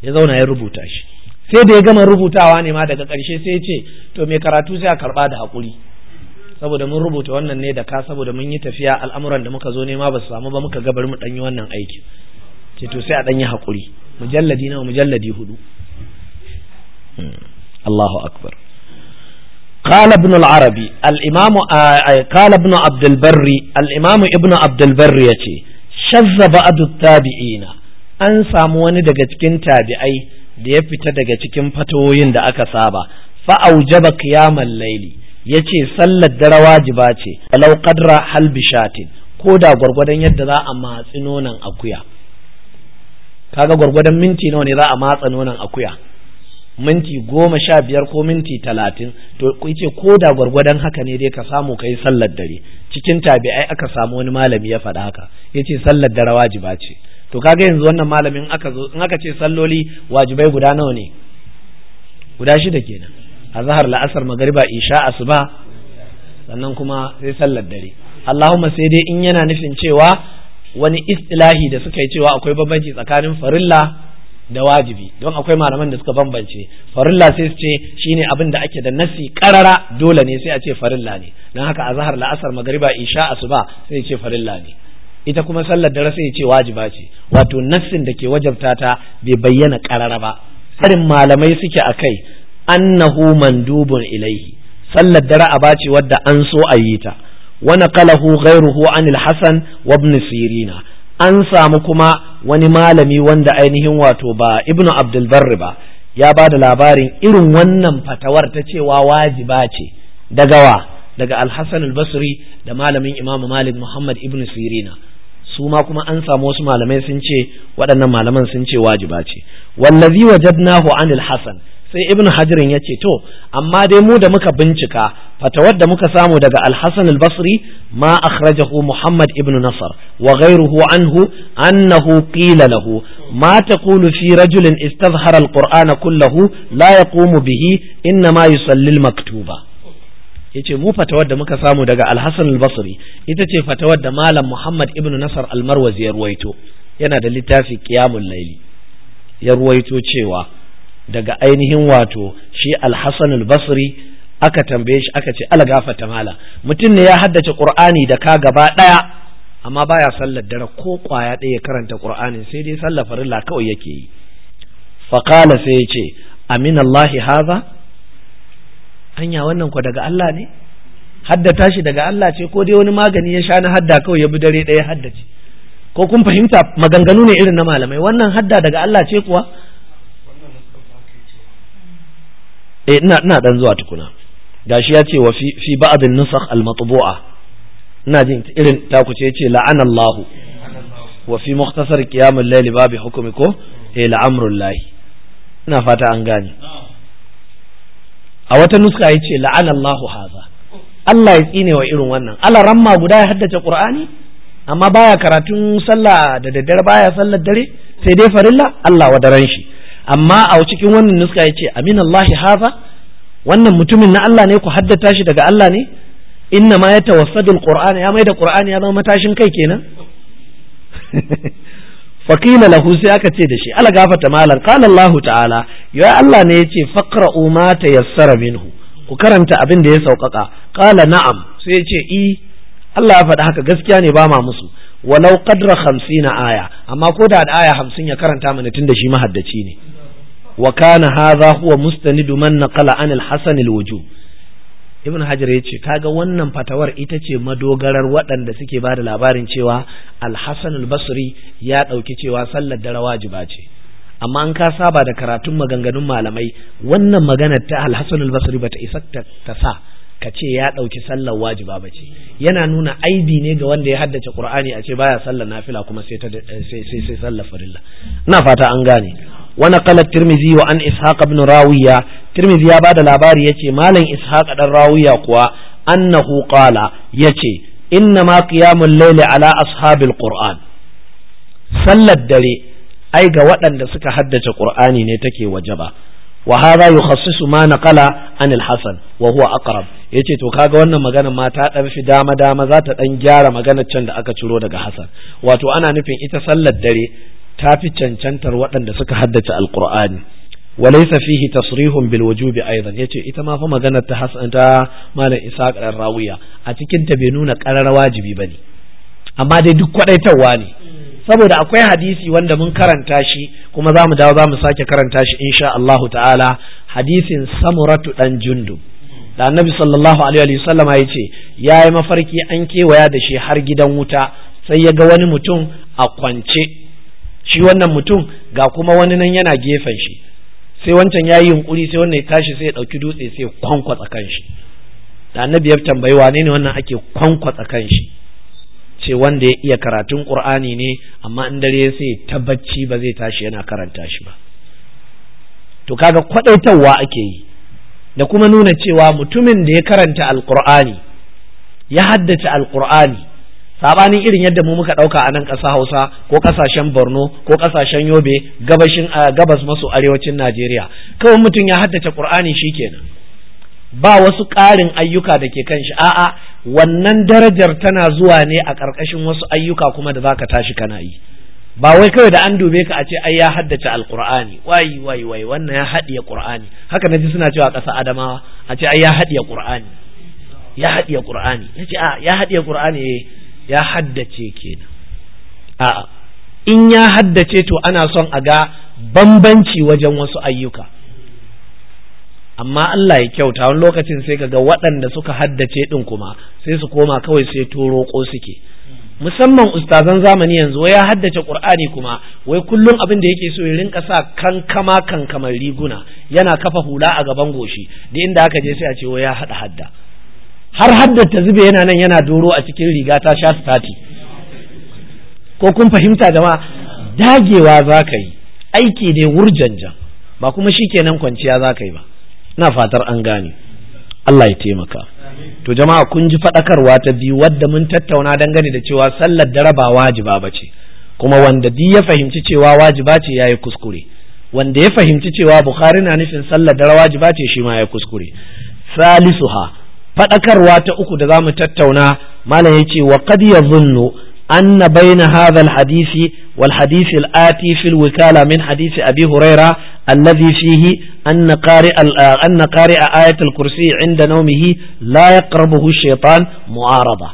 ya zauna ya rubuta shi sai da ya gama rubutawa ne ma daga ƙarshe sai ya ce to mai karatu sai a karɓa da haƙuri saboda mun rubuta wannan ne da ka saboda mun yi tafiya al'amuran da muka zo ne ma ba su samu ba muka gabar mu ɗanyi wannan aiki ce to sai a ɗanyi haƙuri mujalladi nawa mujalladi hudu hmm. Allahu akbar قال ابن العربي الإمام قال ابن عبد البر الإمام ابن عبد البر يتي شذ بعض التابعين أن سامون دقت تابعي da ya fita daga cikin fatoyin da aka saba fa aujaba qiyamal layli yace sallar dare wajiba ce walau qadra hal ko da gwargwadon yadda za a matsi nonon akuya kaga gwargwadon minti nawa ne za a matsa nonon akuya minti goma sha biyar ko minti talatin to ce ko da gwargwadon haka ne dai ka samu ka yi sallar dare cikin tabi'ai aka samu wani malami ya faɗa haka ya ce sallar dare wajiba ce to kaga yanzu wannan malamin aka zo in aka ce salloli wajibai guda nawa ne guda shida kenan azhar la'asar magariba isha asuba sannan kuma sai sallar dare Allahumma sai dai in yana nufin cewa wani istilahi da suka yi cewa akwai bambanci tsakanin farilla da wajibi don akwai malaman da suka bambance farilla sai su ce shine abin da ake da nasi karara dole ne sai a ce farilla ne don haka azhar la'asar magariba isha asuba sai ce farilla ne ita kuma sallar dare sai ya ce wajiba ce wato nassin da ke wajabta ta bai bayyana karara ba harin malamai suke a kai annahu mandubun ilaihi sallar dare a bace wadda an so a yi ta wa gairu hu anil hasan wa ibn sirina an samu kuma wani malami wanda ainihin wato ba ibn abdul barri ba ya ba da labarin irin wannan fatawar ta cewa wajiba ce daga wa daga al-hasan al-basri da malamin imamu malik muhammad ibn sirina su ma kuma an samu wasu malamai sun ce waɗannan malaman sun ce wajiba ce wallazi wajadnahu anil hasan sai ibn hajirin ya ce to amma dai mu da muka bincika fatawar da muka samu daga alhassan al-Basri ma akhrajahu muhammad ibn nasar wa ghayruhu anhu annahu qila lahu ma taqulu fi rajulin istazhara alqur'ana kullahu la yaqumu bihi inna ma yusalli maktuba. yace mu fatawar da muka samu daga Al-Hasan Al-Basri ita ce fatawar da Malam Muhammad Ibn Nasar Al-Marwazi ya ruwaito yana da littafin Qiyamul Laili ya ruwaito cewa daga ainihin wato shi Al-Hasan Al-Basri aka tambaye shi aka ce algafata mala mutum ne ya haddace Qur'ani da ka gaba daya amma baya sallar dare ko kwaya ɗaya karanta Qur'ani sai dai sallar farilla kawai yake yi faqala sai ya ce aminallahi hadha anya wannan ko daga Allah ne hadda tashi daga Allah ce ko dai wani magani ya sha na hadda kawai ya bi dare ɗaya haddace ko kun fahimta maganganu ne irin na malamai wannan hadda daga Allah ce kuwa eh ina ina dan zuwa tukuna gashi ya ce wa fi fi ba'd an-nusakh al-matbu'a ina jin irin ku ce yace la'ana Allah wa fi mukhtasar qiyam al-layl babu hukumi ko eh la'amrullahi ina fata an gane a wata nuska ya ce la'anallahu haza Allah ya tsine wa irin wannan Allah ramma guda ya haddace Qur'ani amma baya karatun sallah da daddare baya sallar dare sai dai farilla Allah wadaran shi amma a cikin wannan nuska ya ce aminallahi haza wannan mutumin na Allah ne ku haddata shi daga Allah ne inna ma ya tawassadul qur'an ya mai da qur'an ya zama matashin kai kenan wakila lahu sai aka ce da shi ala gafata malam qala Allah ta'ala ya Allah ne yace faqra'u ma tayassara minhu ku karanta abin da ya sauƙaƙa kala na'am sai yace e Allah ya faɗi haka gaskiya ne ba ma musu walau kadra qadra na aya amma ko da aya hamsin ya karanta mana da shi mahaddaci ne wakana kana hadha huwa mustanidu man naqala an al-hasan al ibn hajar ya ce kaga wannan fatawar ita ce madogarar waɗanda suke ba da labarin cewa alhassan albasri ya ɗauki cewa sallar dare wajiba ce amma an ka saba da karatun maganganun malamai wannan maganar ta alhassan albasri bata isa ta sa ka ce ya ɗauki sallar wajiba ba ce yana nuna aibi ne ga wanda ya haddace qur'ani a ce baya sallar nafila kuma sai eh, sai sai sallar farilla ina fata an gane wa naqala tirmizi wa an ishaq ibn rawiya tirmizi ya bada labari yace malam ishaq ɗan rawiya kuwa annahu qala yace inna ma qiyamul laile ala ashabil qur'an sallar dare ai ga waɗanda suka haddace qur'ani ne take wajaba wa hadha yukhassisu ma naqala an al wahuwa wa huwa aqrab yace to kaga wannan maganar mata ta fi dama dama zata ɗan gyara maganar can da aka ciro daga Hassan, wato ana nufin ita sallar dare ta fi cancantar waɗanda suka haddace alkur'ani walaysa fihi tasrihun bil wujubi aidan yace ita ma fa maganar ta hasan ta malam isaq dan rawiya a cikin ta bai nuna qarar wajibi bane amma dai duk kwadaitarwa ne saboda akwai hadisi wanda mun karanta shi kuma zamu dawo za mu sake karanta shi insha Allahu ta'ala hadisin samuratu dan jundu da annabi sallallahu alaihi wa sallama ya ce ya yi mafarki an kewaya da shi har gidan wuta sai ya ga wani mutum a kwance shi wannan mutum ga kuma wani nan yana gefen shi sai wancan ya yi yunkuri sai wannan ya tashi sai ya ɗauki dutse sai ya kwankwatsa kan shi da annabi ya tambayi wane ne wannan ake kwankwatsa kan shi ce wanda ya iya karatun qur'ani ne amma in dare sai ta tabbaci ba zai tashi yana karanta shi ba to kaga kwadaitarwa ake yi da kuma nuna cewa mutumin da ya karanta alqur'ani ya haddace alqur'ani sabanin irin yadda mu muka dauka a nan ƙasa Hausa ko ƙasashen Borno ko ƙasashen Yobe gabashin gabas maso arewacin Najeriya kawai mutum ya haddace Qur'ani kenan. ba wasu ƙarin ayyuka da ke kan shi a'a wannan darajar tana zuwa ne a ƙarƙashin wasu ayyuka kuma da zaka tashi kana yi ba wai kawai da an dube ka a ce ai ya haddace alqur'ani wai wai wai wannan ya haɗiye qur'ani haka naji suna cewa ƙasa adamawa a ce ai ya haɗiye qur'ani ya haɗiye qur'ani yace a ya haɗiye qur'ani eh. ya haddace kenan a'a in ya haddace to ana son a ga bambanci wajen wasu ayyuka amma Allah ya kyauta wani lokacin sai ga waɗanda suka haddace ɗin kuma sai su koma kawai sai to roƙo suke musamman ustazan zamani yanzu wai ya haddace qur'ani kuma wai kullum abin da yake so ya rinka sa kankama kankamar riguna yana kafa hula a gaban goshi da inda aka je sai a ce wai ya hada hadda har haddata ta zube yana nan yana doro a cikin riga ta sha sati ko kun fahimta jama'a dagewa za ka yi aiki ne wurjanjan ba kuma shi kenan kwanciya za ka yi ba na fatar an gane Allah ya taimaka to jama'a kun ji faɗakarwa ta biyu wadda mun tattauna gani da cewa sallar dare ba wajiba ba ce kuma wanda duk ya fahimci cewa wajiba ce ya yi kuskure wanda ya fahimci cewa bukhari na nufin sallar dare wajiba ce shi ma ya kuskure Salisu salisuha faɗakarwa ta uku da za mu tattauna malam ya ce wa qad yazunnu anna bayna hadha alhadisi wal hadisi al-ati fi wikala min hadisi abi huraira alladhi fihi anna qari'a anna qari'a ayat kursi inda nawmihi la yaqrabuhu ash-shaytan mu'arada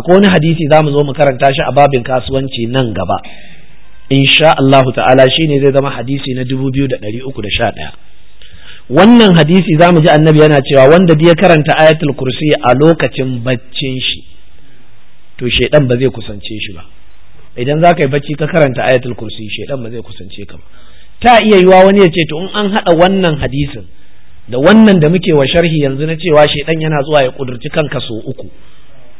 akwai wani hadisi za mu zo mu karanta shi a babin kasuwanci nan gaba insha Allah ta'ala shine zai zama hadisi na 2311 wannan hadisi za mu ji annabi yana cewa wanda ya karanta ayatul kursi a lokacin baccin shi to shaidan ba zai kusance shi ba idan za ka yi bacci ka karanta ayatul kursi shaidan ba zai kusance ka ba ta iya yiwa wani ya ce to in an haɗa wannan hadisin da wannan da muke wa sharhi yanzu na cewa shaidan yana zuwa ya kudurci kanka so uku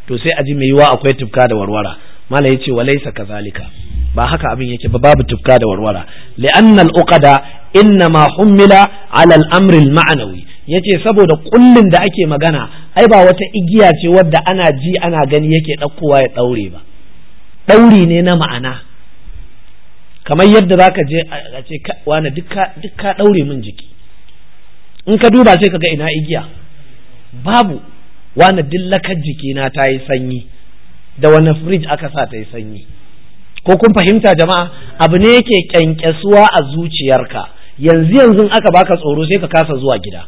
to sai a ji mai yiwa akwai tufka da warwara ya ce walaisa kazalika ba haka abin yake ba babu tufka da warwara li'anna al-uqada innama hummila ala al ma'anawi ma'nawi yace saboda kullun da ake magana ai ba wata igiya ce wadda ana ji ana gani yake ɗaukowa ya ɗaure ba ɗauri ne na ma'ana kamar yadda zaka je a ce wani duk ka ɗaure min jiki in ka duba sai ka ga ina igiya babu wani dillakar jikina ta yi sanyi da wani fridge aka sa ta yi sanyi ko kun fahimta jama'a abu ne yake kyankyasuwa a zuciyarka yanzu yanzu aka baka tsoro sai ka kasa zuwa gida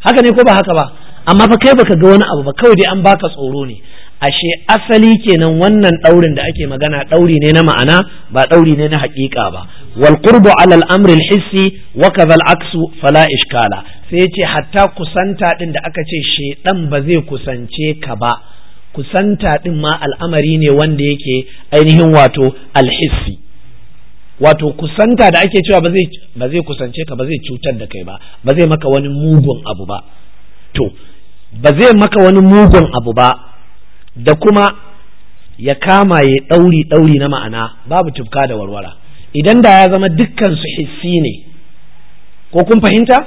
haka ne ko ba haka ba amma fa kai baka ga wani abu ba kawai dai an baka tsoro ne ashe asali kenan wannan daurin da ake magana dauri ne na ma'ana ba dauri ne na haƙiƙa ba wal qurbu ala al amri al hissi wa kadha al aksu fala ishkala sai yace hatta kusanta din da aka ce shedan ba zai kusance ka ba kusanta din ma al'amari ne wanda yake ainihin wato al hissi wato kusanta da ake cewa ba zai kusance ka ba zai cutar da kai ba ba zai maka wani mugun abu ba to ba zai maka wani mugun abu ba da kuma ya kama ya ɗauri ɗauri na ma'ana babu tufka da warwara idan da ya zama dukkan su hissi ne ko kun fahimta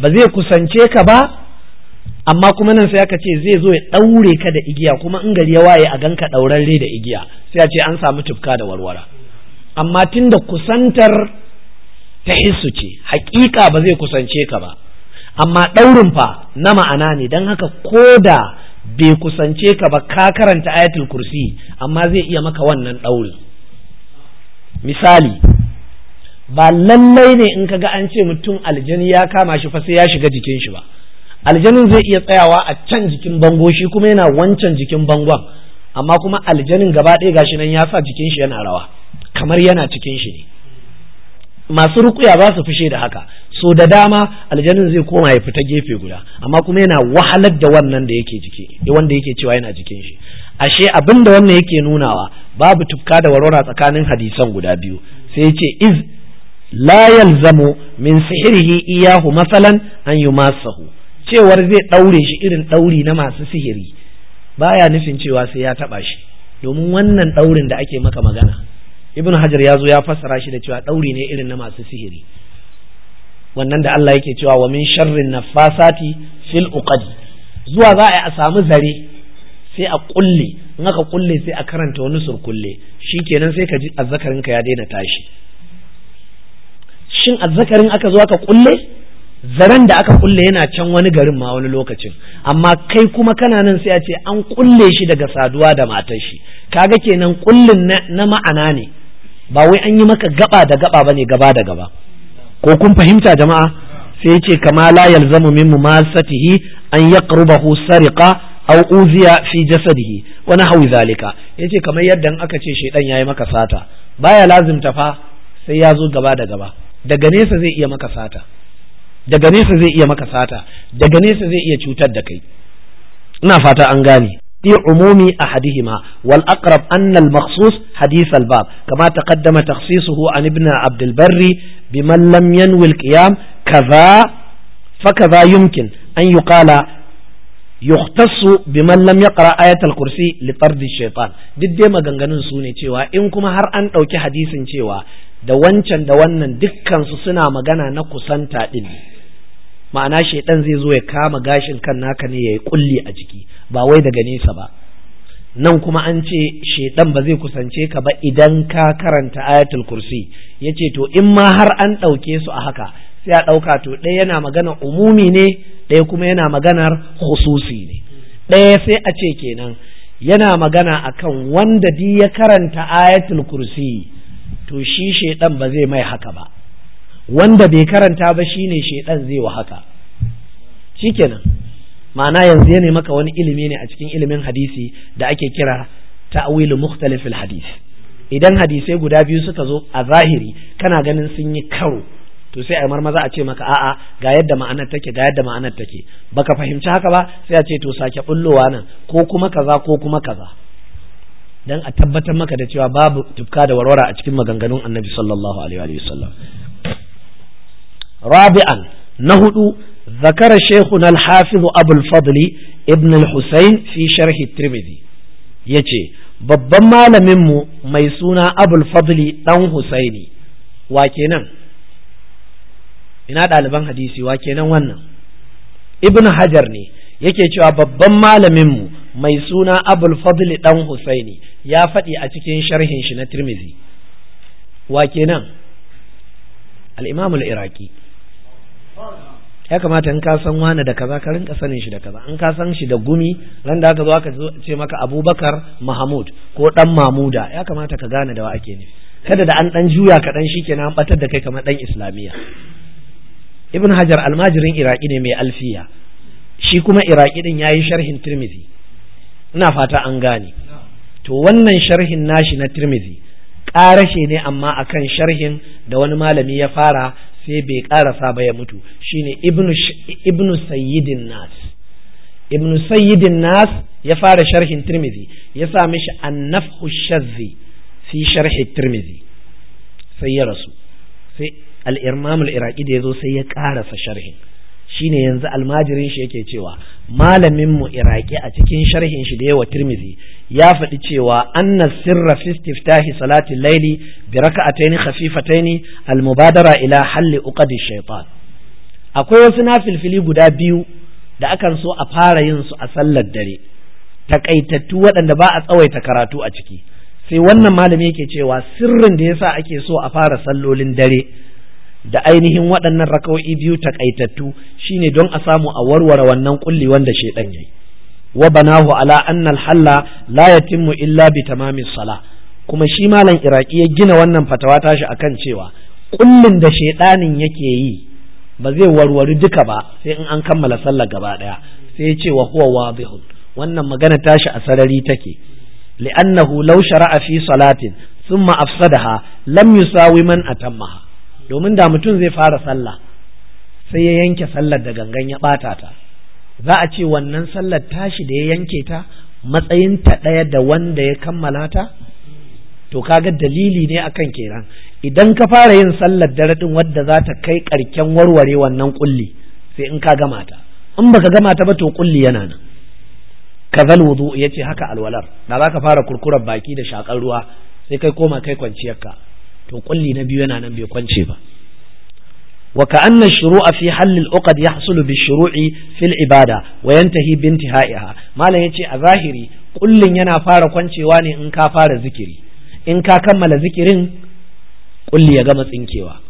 ba zai kusance ka ba amma kuma nan sai aka ce zai zo ya ɗaure ka da igiya kuma in gari ya waye a ganka ɗaurarre da igiya sai a ce an samu tufka da warwara amma tunda kusantar ta hissu ce hakika ba zai kusance ka ba amma ɗaurin fa na ma'ana ne don haka ko da bai kusance ka ba ka karanta ayatul kursi amma zai iya maka wannan ɗaurin misali ba lallai ne in ka ga an ce mutum aljani ya kama shi fa sai ya shiga jikin shi ba aljanin zai iya tsayawa a can jikin bango shi kuma yana wancan jikin bangon amma kuma aljanin gaba ɗaya gashi nan ya sa jikin shi yana rawa kamar yana cikin shi ne masu rukuya ba su fushe da haka so da dama aljanin zai koma ya fita gefe guda amma kuma yana wahalar da wannan da yake jiki wanda yake cewa yana jikin shi ashe abin da wannan yake nunawa babu tufka da warwara tsakanin hadisan guda biyu sai ce iz la yalzamu min sihirihi iyahu masalan an masahu cewar zai daure shi irin dauri na masu sihiri baya nufin cewa sai ya taba shi domin wannan daurin da ake maka magana ibn hajar ya zo ya fassara shi da cewa ɗauri ne irin na masu sihiri wannan da Allah yake cewa wa min sharrin nafasati fil uqad zuwa za a a samu zare sai a kulle in aka kulle sai a karanta wani surkulle shikenan sai ka ji azzakarin ka ya daina tashi shin azzakarin aka zo aka kulle zaren da aka kulle yana can wani garin ma wani lokacin amma kai kuma kana nan sai a ce an kulle shi daga saduwa da matar shi kaga kenan kullin na ma'ana ne ba wai an yi maka gaba da gaba ne gaba da gaba ko kun fahimta jama'a sai ce kama la yalzamu min mumasatihi an yaqrubahu sariqa aw uziya fi jasadihi wa nahwi zalika yace kamar yadda aka ce shedan yayi maka sata baya lazimta fa sai ya zo gaba da gaba daga nesa zai iya maka sata daga nesa zai iya maka sata daga nesa zai iya cutar da kai ina fata an gane fi umumi ahadihima wal aqrab anna al makhsus حديث الباب كما تقدم تخصيصه عن ابن عبد البر بمن لم ينوي القيام كذا فكذا يمكن أن يقال يختص بمن لم يقرأ آية الكرسي لطرد الشيطان duk dai maganganun su ne cewa in kuma har an ɗauki hadisin cewa da wancan da wannan dukkansu suna magana na kusanta ɗin ma'ana shaidan zai zo ya kama gashin kan naka ne ya yi kulli a jiki ba wai daga nesa ba nan kuma an ce shaidan ba zai kusance ka ba idan ka karanta ayatul kursi yace to in ma har an ɗauke su a haka sai a ɗauka to ɗaya yana magana umumi ne ɗaya kuma yana maganar hususi ne ɗaya sai a ce kenan yana magana akan wanda di ya karanta ayatul kursi to shi shaidan ba zai mai haka ba wanda bai karanta ba shine shaidan zai wa haka shikenan ma'ana yanzu ya maka wani ilimi ne a cikin ilimin hadisi da ake kira ta'wilu mukhtalifil hadis idan hadisai guda biyu suka zo a zahiri kana ganin sun yi karo to sai a marmaza a ce maka a'a ga yadda ma'anar take ga yadda ma'anar take baka fahimci haka ba sai a ce to sake bullowa nan ko kuma kaza ko kuma kaza dan a tabbatar maka da cewa babu tufka da warwara a cikin maganganun annabi sallallahu alaihi wa sallam rabi'an na hudu ذكر شيخنا الحافظ أبو الفضل ابن الحسين في شرح الترمذي يجي babban malaminmu mai suna abul fadli dan husaini wa kenan ina ɗaliban hadisi wa kenan wannan ibn hajar ne yake cewa babban malaminmu mai suna abul fadli dan husaini ya faɗi a cikin sharhin shi na tirmizi wa kenan al-imamul iraki ya kamata in ka san wani da kaza ka rinka sanin shi da kaza in ka san shi da gumi ran da aka zo aka ce maka abubakar mahmud ko dan mamuda ya kamata ka gane da wa ake ne kada da an dan juya ka dan shikenan an batar da kai kamar dan islamiyya. ibn hajar almajirin iraki ne mai alfiya shi kuma iraki din yayi sharhin tirmidhi ina fata an gane to wannan sharhin nashi na tirmidhi ƙarashe ne amma akan sharhin da wani malami ya fara sai bai karasa ba ya mutu shine ibnu ibnu sayyidin nas ibnu sayyidin nas ya fara sharhin tirmidhi ya sa mishi an-nafhu shazzi fi sharhi tirmidhi sai ya rasu sai al-imam al-iraqi da yazo sai ya karasa sharhin shine yanzu almajirin shi yake cewa malamin mu iraki a cikin sharhin shi da yawa tirmizi ya faɗi cewa anna sirra fi istiftahi salati laili bi raka'ataini khafifataini almubadara ila halli uqadi shaytan akwai wasu nafilfili guda biyu da akan so a fara yin su a sallar dare takaitattu waɗanda ba a tsawaita karatu a ciki sai wannan malami yake cewa sirrin da yasa ake so a fara sallolin dare da ainihin waɗannan raka'o'i biyu takaitattu shine don a samu a warware wannan ƙulli wanda shaidan yayi wa banahu ala anna halla la yatimmu illa bi tamamis sala kuma shi malam iraki ya gina wannan fatawa tashi akan cewa ƙullin da shaidanin yake yi ba zai warware duka ba sai in an kammala sallah gaba daya sai ya ce wa huwa wadihun wannan magana tashi a sarari take li'annahu law shara'a fi salatin thumma afsadaha lam yusawi man atammaha domin da mutum zai fara sallah sai ya yanke sallar da gangan ya ɓata ta za a ce wannan sallar tashi da ya yanke ta matsayin ta ɗaya da wanda ya kammala ta to kaga dalili ne akan kenan idan ka fara yin sallar da din wadda za ta kai karken warware wannan kulli sai in ka gama ta in baka gama ta ba to kulli yana nan kazal wudu yace haka alwalar da za ka fara kurkurar baki da shakar ruwa sai kai koma kai kwanciyarka to kulli na biyu yana nan bai kwance ba wa ka'anna shuru'a fi halil uqad yahsulu bi shuru'i fil ibada wa yantahi bi intihaiha malam yace a zahiri kullin yana fara kwancewa ne in ka fara zikiri in ka kammala zikirin kulli ya gama tsinkewa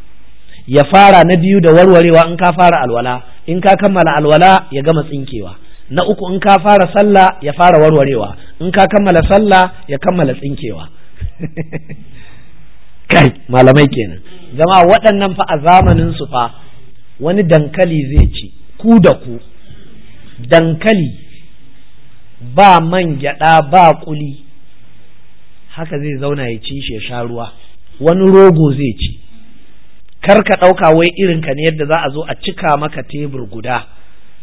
ya fara na biyu da warwarewa in ka fara alwala in ka kammala alwala ya gama tsinkewa na uku in ka fara sallah ya fara warwarewa in ka kammala sallah ya kammala tsinkewa kai malamai kenan zama waɗannan fa a zamanin su fa wani dankali zai ci ku da ku dankali ba man gyaɗa ba kuli haka zai zauna ya ci shi ya sha ruwa wani rogo zai ci kar ka ɗauka wai irin ka ne yadda za a zo a cika maka tebur guda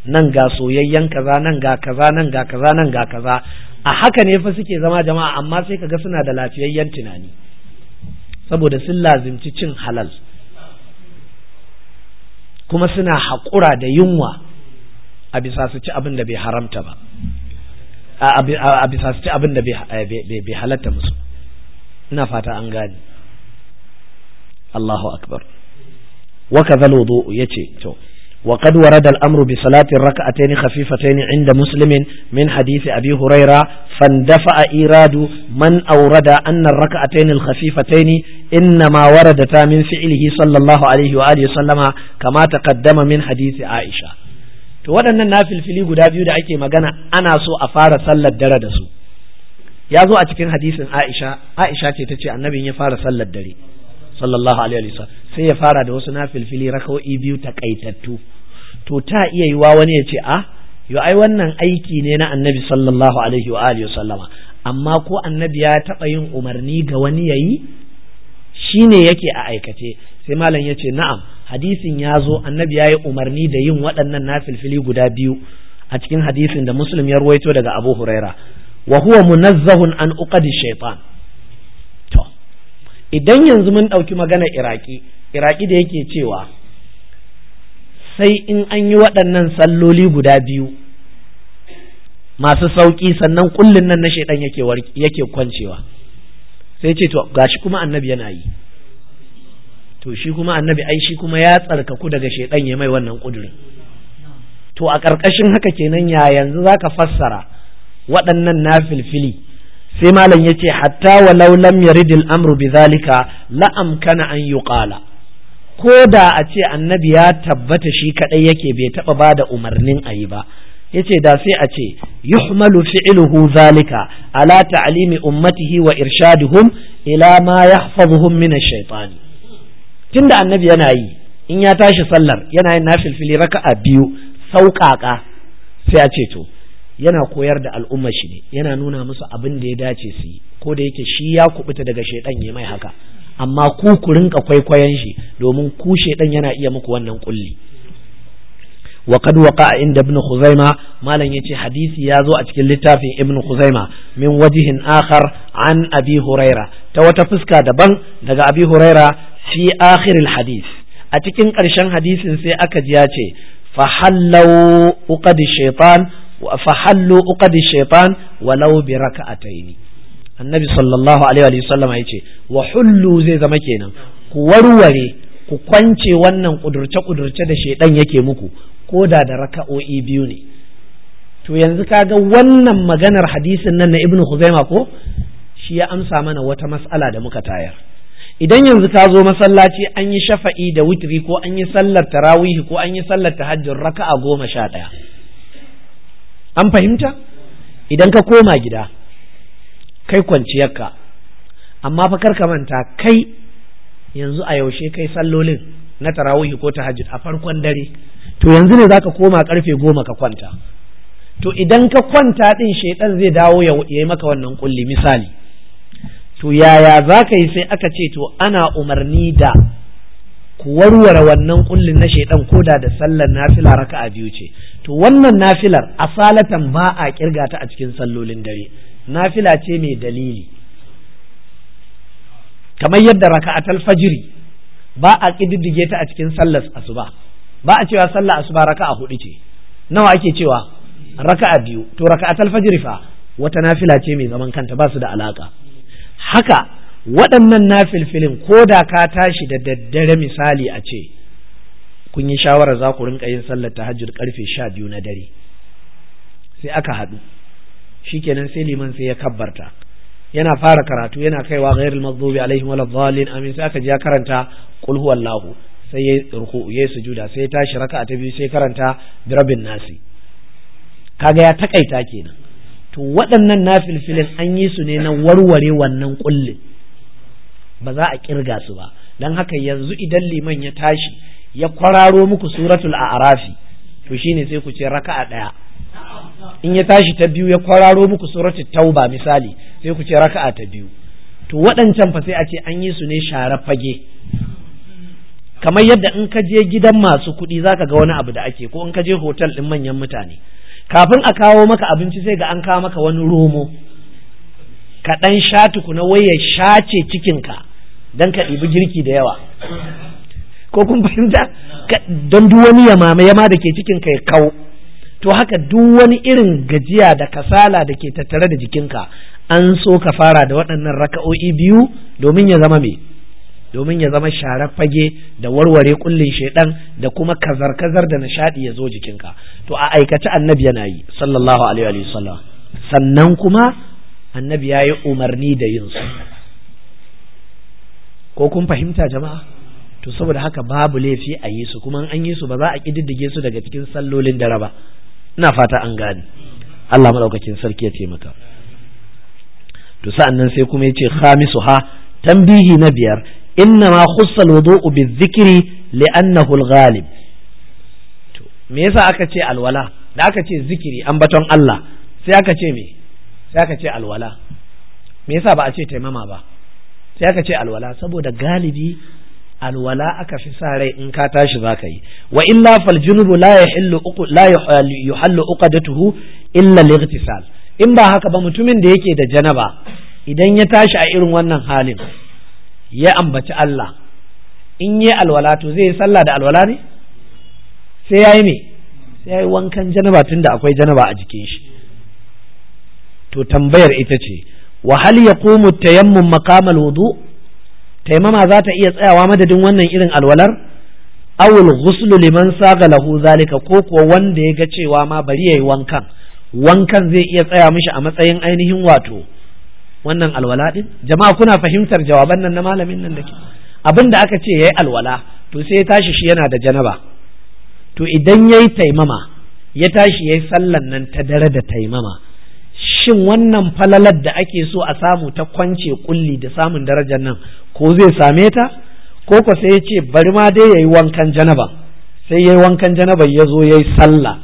nan ga soyayyen kaza nan ga kaza nan ga kaza nan ga kaza a haka ne fa suke zama jama'a amma sai ka ga suna da lafiyayyen tunani saboda sun lazimci cin halal kuma suna haƙura da yunwa a bisa su ci abin da bai haramta ba a bisa su ci abin da bai eh, halatta musu ina fata an gani Allahu akbar wa kadhal wudu yace to وقد ورد الأمر بصلاة الركعتين خفيفتين عند مسلم من حديث أبي هريرة فاندفع إيراد من أورد أن الركعتين الخفيفتين إنما وردتا من فعله صلى الله عليه وآله وسلم كما تقدم من حديث عائشة to waɗannan nafilfili guda biyu da ake magana ana so a fara sallar dare da su ya zo a cikin hadisin Aisha Aisha ce ta ce annabin ya fara sallar dare sallallahu alaihi wasallam sai ya fara da wasu nafilfili raka'o'i biyu takaitattu to ta iya yiwa wani ya ce a ah, yo ai wannan aiki ne na annabi sallallahu alaihi wa alihi wasallama amma ko annabi ya taɓa yin umarni ga wani yayi shine yake a aikace sai malam ya ce na'am hadisin ya zo annabi ya yi umarni da yin waɗannan nafilfili guda biyu a cikin hadisin da muslim ya ruwaito daga abu huraira wa huwa munazzahun an uqadi shaitan idan yanzu mun ɗauki magana iraki iraki da yake cewa sai in an yi waɗannan salloli guda biyu masu sauƙi sannan kullun nan na shaidan yake kwancewa sai ce to gashi kuma annabi yana yi to shi kuma annabi ai shi kuma ya tsarkaku daga shaidan ya mai wannan kudurin to a ƙarƙashin haka kenan ya yanzu zaka fassara waɗannan na filfili sai malam yace hatta walau lam yarid al-amru zalika la amkana an yuqala ko da a ce annabi ya tabbata shi kaɗai yake bai taɓa bada umarnin ayi ba yace da sai a ce yuhmalu fi'iluhu zalika ala ta'limi ummatihi wa irshaduhum ila ma yahfazuhum min ash-shaytan tunda annabi yana yi in ya tashi sallar yana yin nafilfili raka'a biyu sauƙaƙa sai a ce to yana koyar da al'umma shi ne yana nuna musu abin da ya dace su yi ko da yake shi ya kubuta daga shaidan ya mai haka amma ku ku rinka kwaikwayon shi domin ku shaidan yana iya muku wannan kulli wa qad waqa inda ibn khuzaima malam yace hadisi ya zo a cikin littafin ibn khuzaima min wajihin akhar an abi huraira ta wata fuska daban daga abi huraira fi al hadis a cikin karshen hadisin sai aka ji ya ce hallau uqad shaitan fa hallu uqadi shaytan walau bi raka'ataini annabi sallallahu alaihi wa sallama yace wa hullu zai zama kenan ku warware ku kwance wannan kudurce kudurce da shaidan yake muku ko da da raka'o'i biyu ne to yanzu kaga wannan maganar hadisin nan na ibnu khuzaima ko shi ya amsa mana wata mas'ala da muka tayar idan yanzu ka zo masallaci an yi shafa'i da witri ko an yi sallar tarawihi ko an yi sallar tahajjud raka'a goma sha ɗaya an fahimta idan ka koma gida kai kwanciyarka amma fa kar ka manta kai yanzu a yaushe kai sallolin na tarawih ko ta tahajjud a farkon dare to yanzu ne zaka koma karfe goma ka kwanta to idan ka kwanta din shaidan zai dawo ya yi maka wannan kulli misali to yaya zaka yi sai aka ce to ana umarni da ku warware wannan kullin na shaidan koda da sallar nafila raka'a biyu ce to wannan nafilar asalatan ba a kirga ta a cikin sallolin dare nafila ce mai dalili kamar yadda raka'atul fajiri ba a kididdige ta a cikin sallar asuba ba a cewa sallar asuba raka'a hudu ce nawa ake cewa raka'a biyu to raka'atul fajiri fa wata nafila ce mai zaman kanta ba su da alaka haka waɗannan nafilfilin ko da ka tashi da daddare misali a ce kun yi shawarar za ku rinka yin sallar tahajjud karfe sha biyu na dare sai aka haɗu shi shikenan sai liman sai ya kabbarta yana fara karatu yana kaiwa ghairul alaihi wa waladdallin amin sai aka je karanta qul huwallahu sai ya ruku ya sujuda sai ya tashi raka'a ta biyu sai ya karanta birabin nasi kaga ya takaita kenan to waɗannan nafilfilin an yi su ne na warware wannan kullin ba za a kirga su ba don haka yanzu idan liman ya tashi ya kwararo muku suratul a'rafi to shine sai ku ce raka'a daya in ya tashi ta biyu ya kwararo muku suratul tauba misali sai ku ce raka'a ta biyu to waɗancan fa sai a ce an yi su ne share fage kamar yadda in ka je gidan masu kuɗi zaka ga wani abu da ake ko in ka je hotel ɗin manyan mutane kafin a kawo maka abinci sai ga an kawo maka wani romo ka ɗan sha tukuna wai ya shace cikinka don ka ɗibi girki da yawa ko kun fahimta don duk wani yama da ke cikin ka ya kau to haka duk wani irin gajiya da kasala da ke tattare da jikinka an so ka fara da waɗannan raka'o'i biyu domin ya zama me domin ya zama share fage da warware kullin shaidan da kuma kazar-kazar da nishadi ya zo jikinka to a aikace annabi yana yi sallallahu alaihi wa sallam sannan kuma annabi ya yi umarni da yin su ko kun fahimta jama'a to saboda haka babu laifi a yi su kuma an yi su ba za a kididdige su daga cikin sallolin dare ba ina fata an gane Allah madaukakin sarki ya taimaka to sa'an nan sai kuma yace khamisu ha tambihi na biyar inna ma khussa bi dhikri li'annahu alghalib to me yasa aka ce alwala da aka ce zikiri an baton Allah sai aka ce me sai aka ce alwala me yasa ba a ce taimama ba sai aka ce alwala saboda galibi alwala aka fi sa rai in ka tashi za ka yi wa illa fal junubu la yuhallu uqadatuhu illa lightisal in ba haka ba mutumin da yake da janaba idan ya tashi a irin wannan halin ya ambaci Allah in yi alwala to zai yi sallah da alwala ne sai yayi me sai yayi wankan janaba tunda akwai janaba a jikin shi to tambayar ita ce wa hal yaqumu tayammum maqamal wudu' taimama za ta iya tsayawa madadin wannan irin alwalar awul ghuslu liman saga lahu zalika ko kuwa wanda ya ga cewa ma bari yayi wankan wankan zai iya tsaya mishi a matsayin ainihin wato wannan alwala din jama'a kuna fahimtar jawaban nan na malamin nan dake abin aka ce yayi alwala to sai ya tashi shi yana da janaba to idan yayi taimama ya tashi yayi sallan nan ta dare da taimama shin wannan falalar da ake so a samu ta kwance kulli da samun darajar nan ko zai same ta ko ko sai ya ce bari ma dai yayi wankan janaba sai yayi wankan janaba ya zo yayi sallah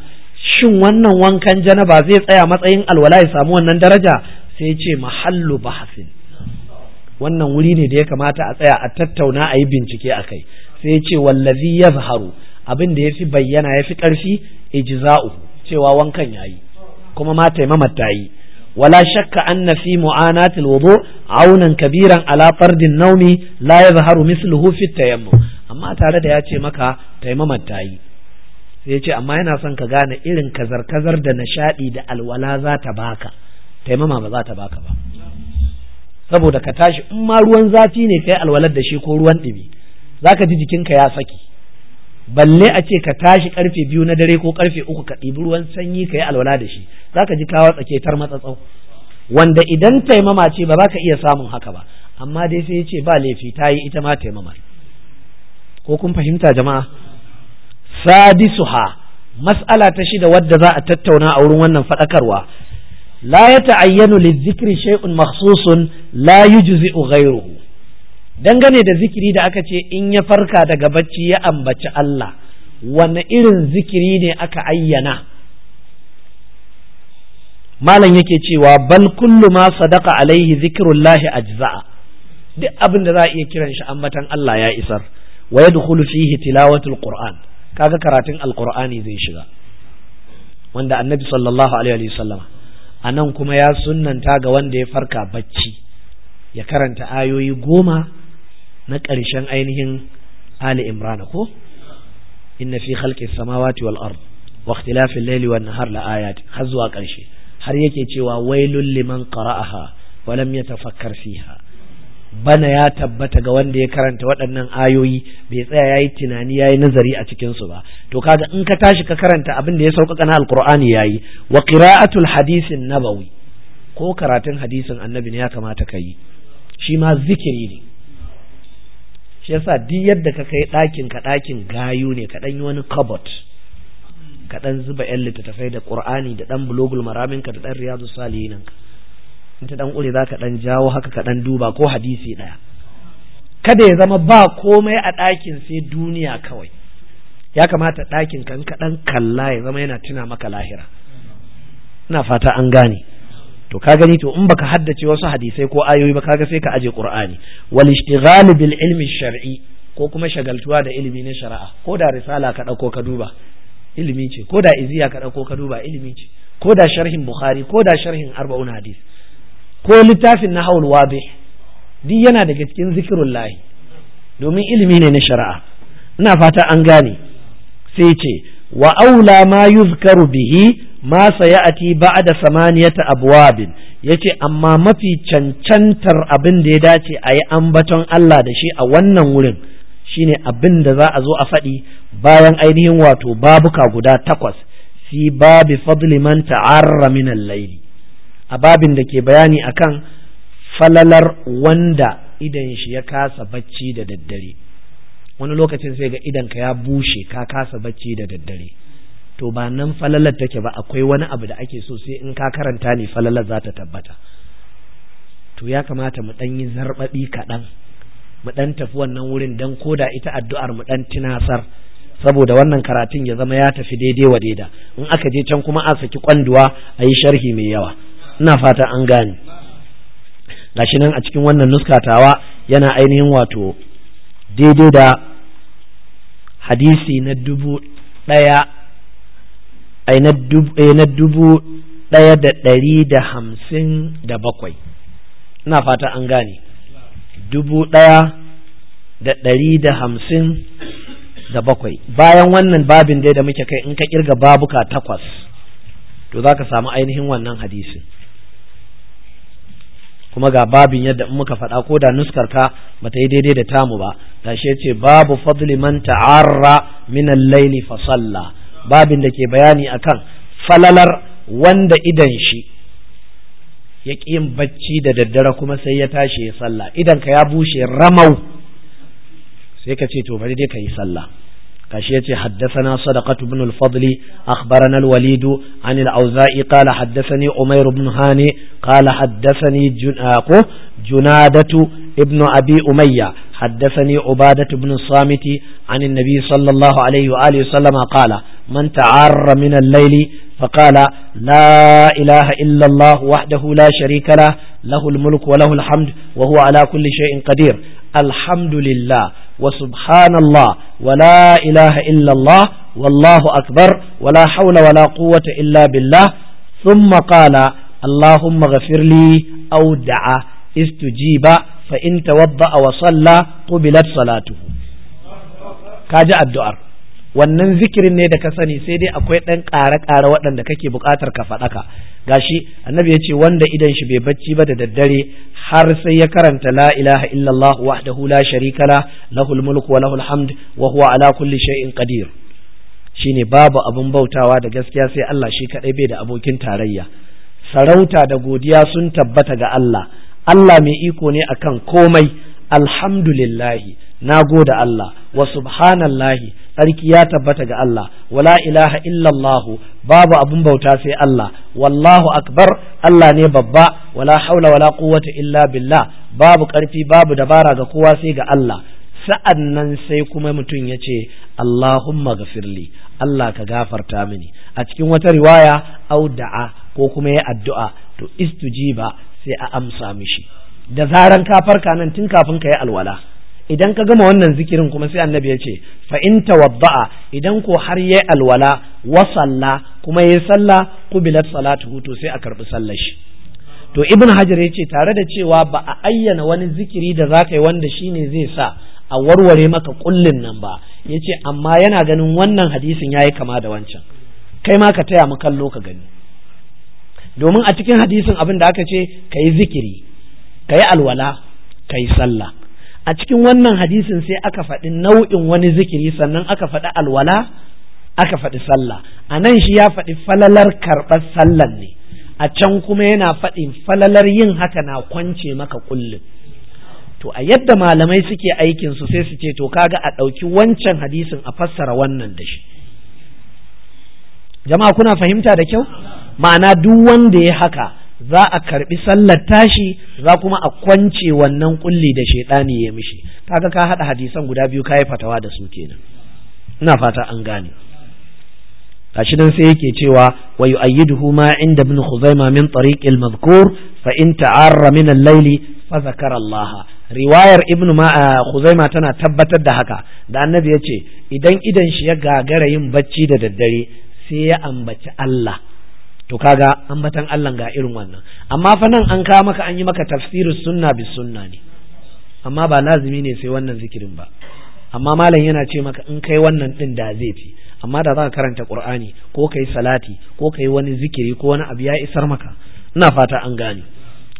shin wannan wankan janaba zai tsaya matsayin alwala ya samu wannan daraja sai ya ce mahallu bahasin wannan wuri ne da ya kamata a tsaya a tattauna a yi bincike a kai sai ya ce wallazi ya zaharu abin da ya fi bayyana ya fi ƙarfi ijza'u cewa wankan yayi kuma ma taimamar ta yi ولا شك أن في معاناة الوضوء عونا كبيرا على فرد النوم لا يظهر مثله في التيمم أما تعالى da ya ce maka taimaman ta yi sai ya ce amma yana son ka gane irin kazar-kazar da nishaɗi da alwala za ta baka taimama ba za ta baka ba saboda ka tashi in ma ruwan zafi ne sai alwalar da shi ko ruwan ɗumi za ka ji jikinka ya saki balle a ce ka tashi karfe biyu na dare ko karfe uku ka ɗibi ruwan sanyi ka yi alwala da shi za ka ji kawo tsaketar matsatsau wanda idan taimama ce ba za ka iya samun haka ba amma dai sai ya ce ba laifi ta yi ita ma taimama ko kun fahimta jama'a sadisuha mas'ala ta shida wadda za a tattauna a wurin wannan faɗakarwa la ya ta'ayyanu lizikri shay'un maksusun la yujzi'u ghayruhu dangane da zikiri da aka ce in ya farka daga bacci ya ambaci Allah wanne irin zikiri ne aka ayyana malam yake cewa bal kullu ma sadaqa alaihi zikrullahi ajza'a duk abin da za a iya kiran shi ambatan Allah ya isar wa yadkhulu fihi tilawatul qur'an kaga karatun alqur'ani zai shiga wanda annabi sallallahu alaihi wasallam anan kuma ya sunnanta ga wanda ya farka bacci ya karanta ayoyi goma na ƙarshen ainihin ali imran ko inna fi khalqis samawati wal ard wa al layli wan nahar la ayat har zuwa ƙarshe har yake cewa wailul liman qara'aha wa lam yatafakkar fiha bana ya tabbata ga wanda ya karanta waɗannan ayoyi bai tsaya yayi tunani yayi nazari a cikin su ba to kaga in ka tashi ka karanta abin da ya sauƙaƙa na alqur'ani yayi wa qira'atul hadisin nabawi ko karatun hadisin annabi ne ya kamata ka yi shi ma zikiri ne shi yasa duk yadda ka kai ɗakin ka ɗakin gayu ne ka ɗan yi wani kabot ka ɗan zuba yan littattafai da ƙur'ani da ɗan bulogul maramin ka da ɗan riyazu salihin ka in ta ɗan ƙure za ka ɗan jawo haka ka ɗan duba ko hadisi ɗaya kada ya zama ba komai a ɗakin sai duniya kawai ya kamata ɗakin ka in ka ɗan kalla ya zama yana tuna maka lahira ina fata an gane to ka gani to in baka haddace wasu hadisai ko ayoyi ba kaga sai ka aje qur'ani wal ishtighal bil ilmi shar'i ko kuma shagaltuwa da ilimi na shari'a ko da risala ka dauko ka duba ilimi ce ko da iziya ka dauko ka duba ilimi ce ko da sharhin bukhari ko da sharhin arba'un hadis ko littafin na haul wabe duk yana daga cikin zikrullahi domin ilimi ne na shari'a ina fata an gane sai ce wa aula ma yuzkaru bihi ma sayati ba'da samaniyata abwabin yace amma mafi cancantar abin da ya dace a yi ambaton Allah da shi a wannan wurin shine abin da za a zo a faɗi bayan ainihin wato babuka guda takwas fi babi fadli man ta'arra min al a babin da ke bayani akan falalar wanda idan shi ya kasa bacci da daddare wani lokacin sai ga idan ka ya bushe ka kasa bacci da daddare to ba nan falalar take ba akwai wani abu da ake so sai in ka karanta ne falalar za ta tabbata to ya kamata mu ɗan yi zarɓaɓi kaɗan mu ɗan tafi wannan wurin don da ita addu'ar mu ɗan tinasar saboda wannan karatun ya zama ya tafi daidai wa daida in aka je can kuma a saki kwanduwa a yi sharhi mai yawa ina fata an gane gashi nan a cikin wannan nuskatawa yana ainihin wato daidai da hadisi na dubu ɗaya eh, na dubu ɗaya da ɗari da hamsin da bakwai ina fata an gane dubu ɗaya da ɗari da hamsin da bakwai bayan wannan babin dai da muke kai in ka kirga babuka takwas to za ka samu ainihin wannan hadisin kuma ga babin yadda in muka faɗa ko da nuskar ka bata yi daidai da tamu ba shi ce babu fadli man ta'arra min al laili fa salla babin da ke bayani akan falalar wanda idan shi ya yin bacci da daddare kuma sai ya tashi ya sallah idan ka ya bushe ramau sai ka ce to bari dai ka yi sallah gashi yace haddathana sadaqat ibn al walidu anil al-walid an al-auza'i qala haddathani umayr ibn hani qala haddathani junadatu abi umayya حدثني عبادة بن الصامت عن النبي صلى الله عليه وآله وسلم قال من تعار من الليل فقال لا إله إلا الله وحده لا شريك له له الملك وله الحمد وهو على كل شيء قدير الحمد لله وسبحان الله ولا إله إلا الله والله أكبر ولا حول ولا قوة إلا بالله ثم قال اللهم اغفر لي أو دعا استجيب فإن توضأ وصلى قبلت صلاته كاجأ الدعاء wannan zikirin ne da ka sani sai dai akwai ɗan ƙare-ƙare waɗanda kake buƙatar ka faɗaka gashi annabi ya ce wanda idan shi bai bacci ba da daddare har sai ya karanta la ilaha illallah wahdahu la sharika la lahul mulku wa lahul hamd wa huwa ala kulli shay'in qadir shine babu abun bautawa da gaskiya sai Allah shi kadai bai da abokin tarayya sarauta da godiya sun tabbata ga Allah Allah mai iko ne akan komai alhamdulillahi na goda Allah wa subhanallahi tsarki ya tabbata ga Allah wala ilaha illallahu babu abun bauta sai Allah wallahu akbar Allah ne babba wala haula wala quwwata illa billah babu karfi babu dabara ga kowa sai ga Allah sa'an nan sai kuma mutum ya ce Allahumma gafirli Allah ka gafarta mini a cikin wata riwaya au da'a ko kuma ya addu'a to istujiba sai a amsa mishi da zaran ka farka nan tun kafin ka yi alwala idan ka gama wannan zikirin kuma sai annabi ya ce fa in tawadda'a idan ko har yayi alwala wa salla kuma yayi sallah qubilat salatu to sai a karbi sallar shi to ibn hajar ya ce tare da cewa ba a ayyana wani zikiri da za yi wanda shine zai sa a warware maka kullin nan ba yace amma yana ganin wannan hadisin ya yi kama da wancan kai ma ka taya mu kallo ka gani domin a cikin hadisin abin da aka ce ka zikiri ka alwala ka sallah a cikin wannan hadisin sai aka faɗi nau'in wani zikiri sannan aka faɗi alwala aka faɗi sallah a nan shi ya faɗi falalar karɓar sallar ne a can kuma yana faɗi falalar yin haka na kwance maka kullum to a yadda malamai suke aikin su sai su ce to kaga a ɗauki wancan hadisin a fassara wannan da shi jama'a kuna fahimta da kyau ma'ana duk wanda ya haka za a karbi sallar tashi za kuma a kwance wannan kulli da shaidani ya mishi kaga ka hada hadisan guda biyu yi fatawa da su kenan ina fata an gane gashi nan sai yake cewa wa yu'ayyiduhu ma inda ibn khuzaimah min tariq al-madhkur fa in ta'arra min al-layli fa zakara Allah riwayar ibn eh, khuzaimah tana tabbatar da haka da annabi yace idan idan shi ya gagara yin bacci da daddare sai ya ambaci Allah to kaga batan Allah ga irin wannan amma fa nan an kawo maka an yi maka tafsirus sunna bis sunna ne amma ba lazimi ne sai wannan zikirin ba amma malam yana ce maka in kai wannan din da zai ci amma da za ka karanta qur'ani ko kai salati ko kai wani zikiri ko wani abu ya isar maka ina fata an gane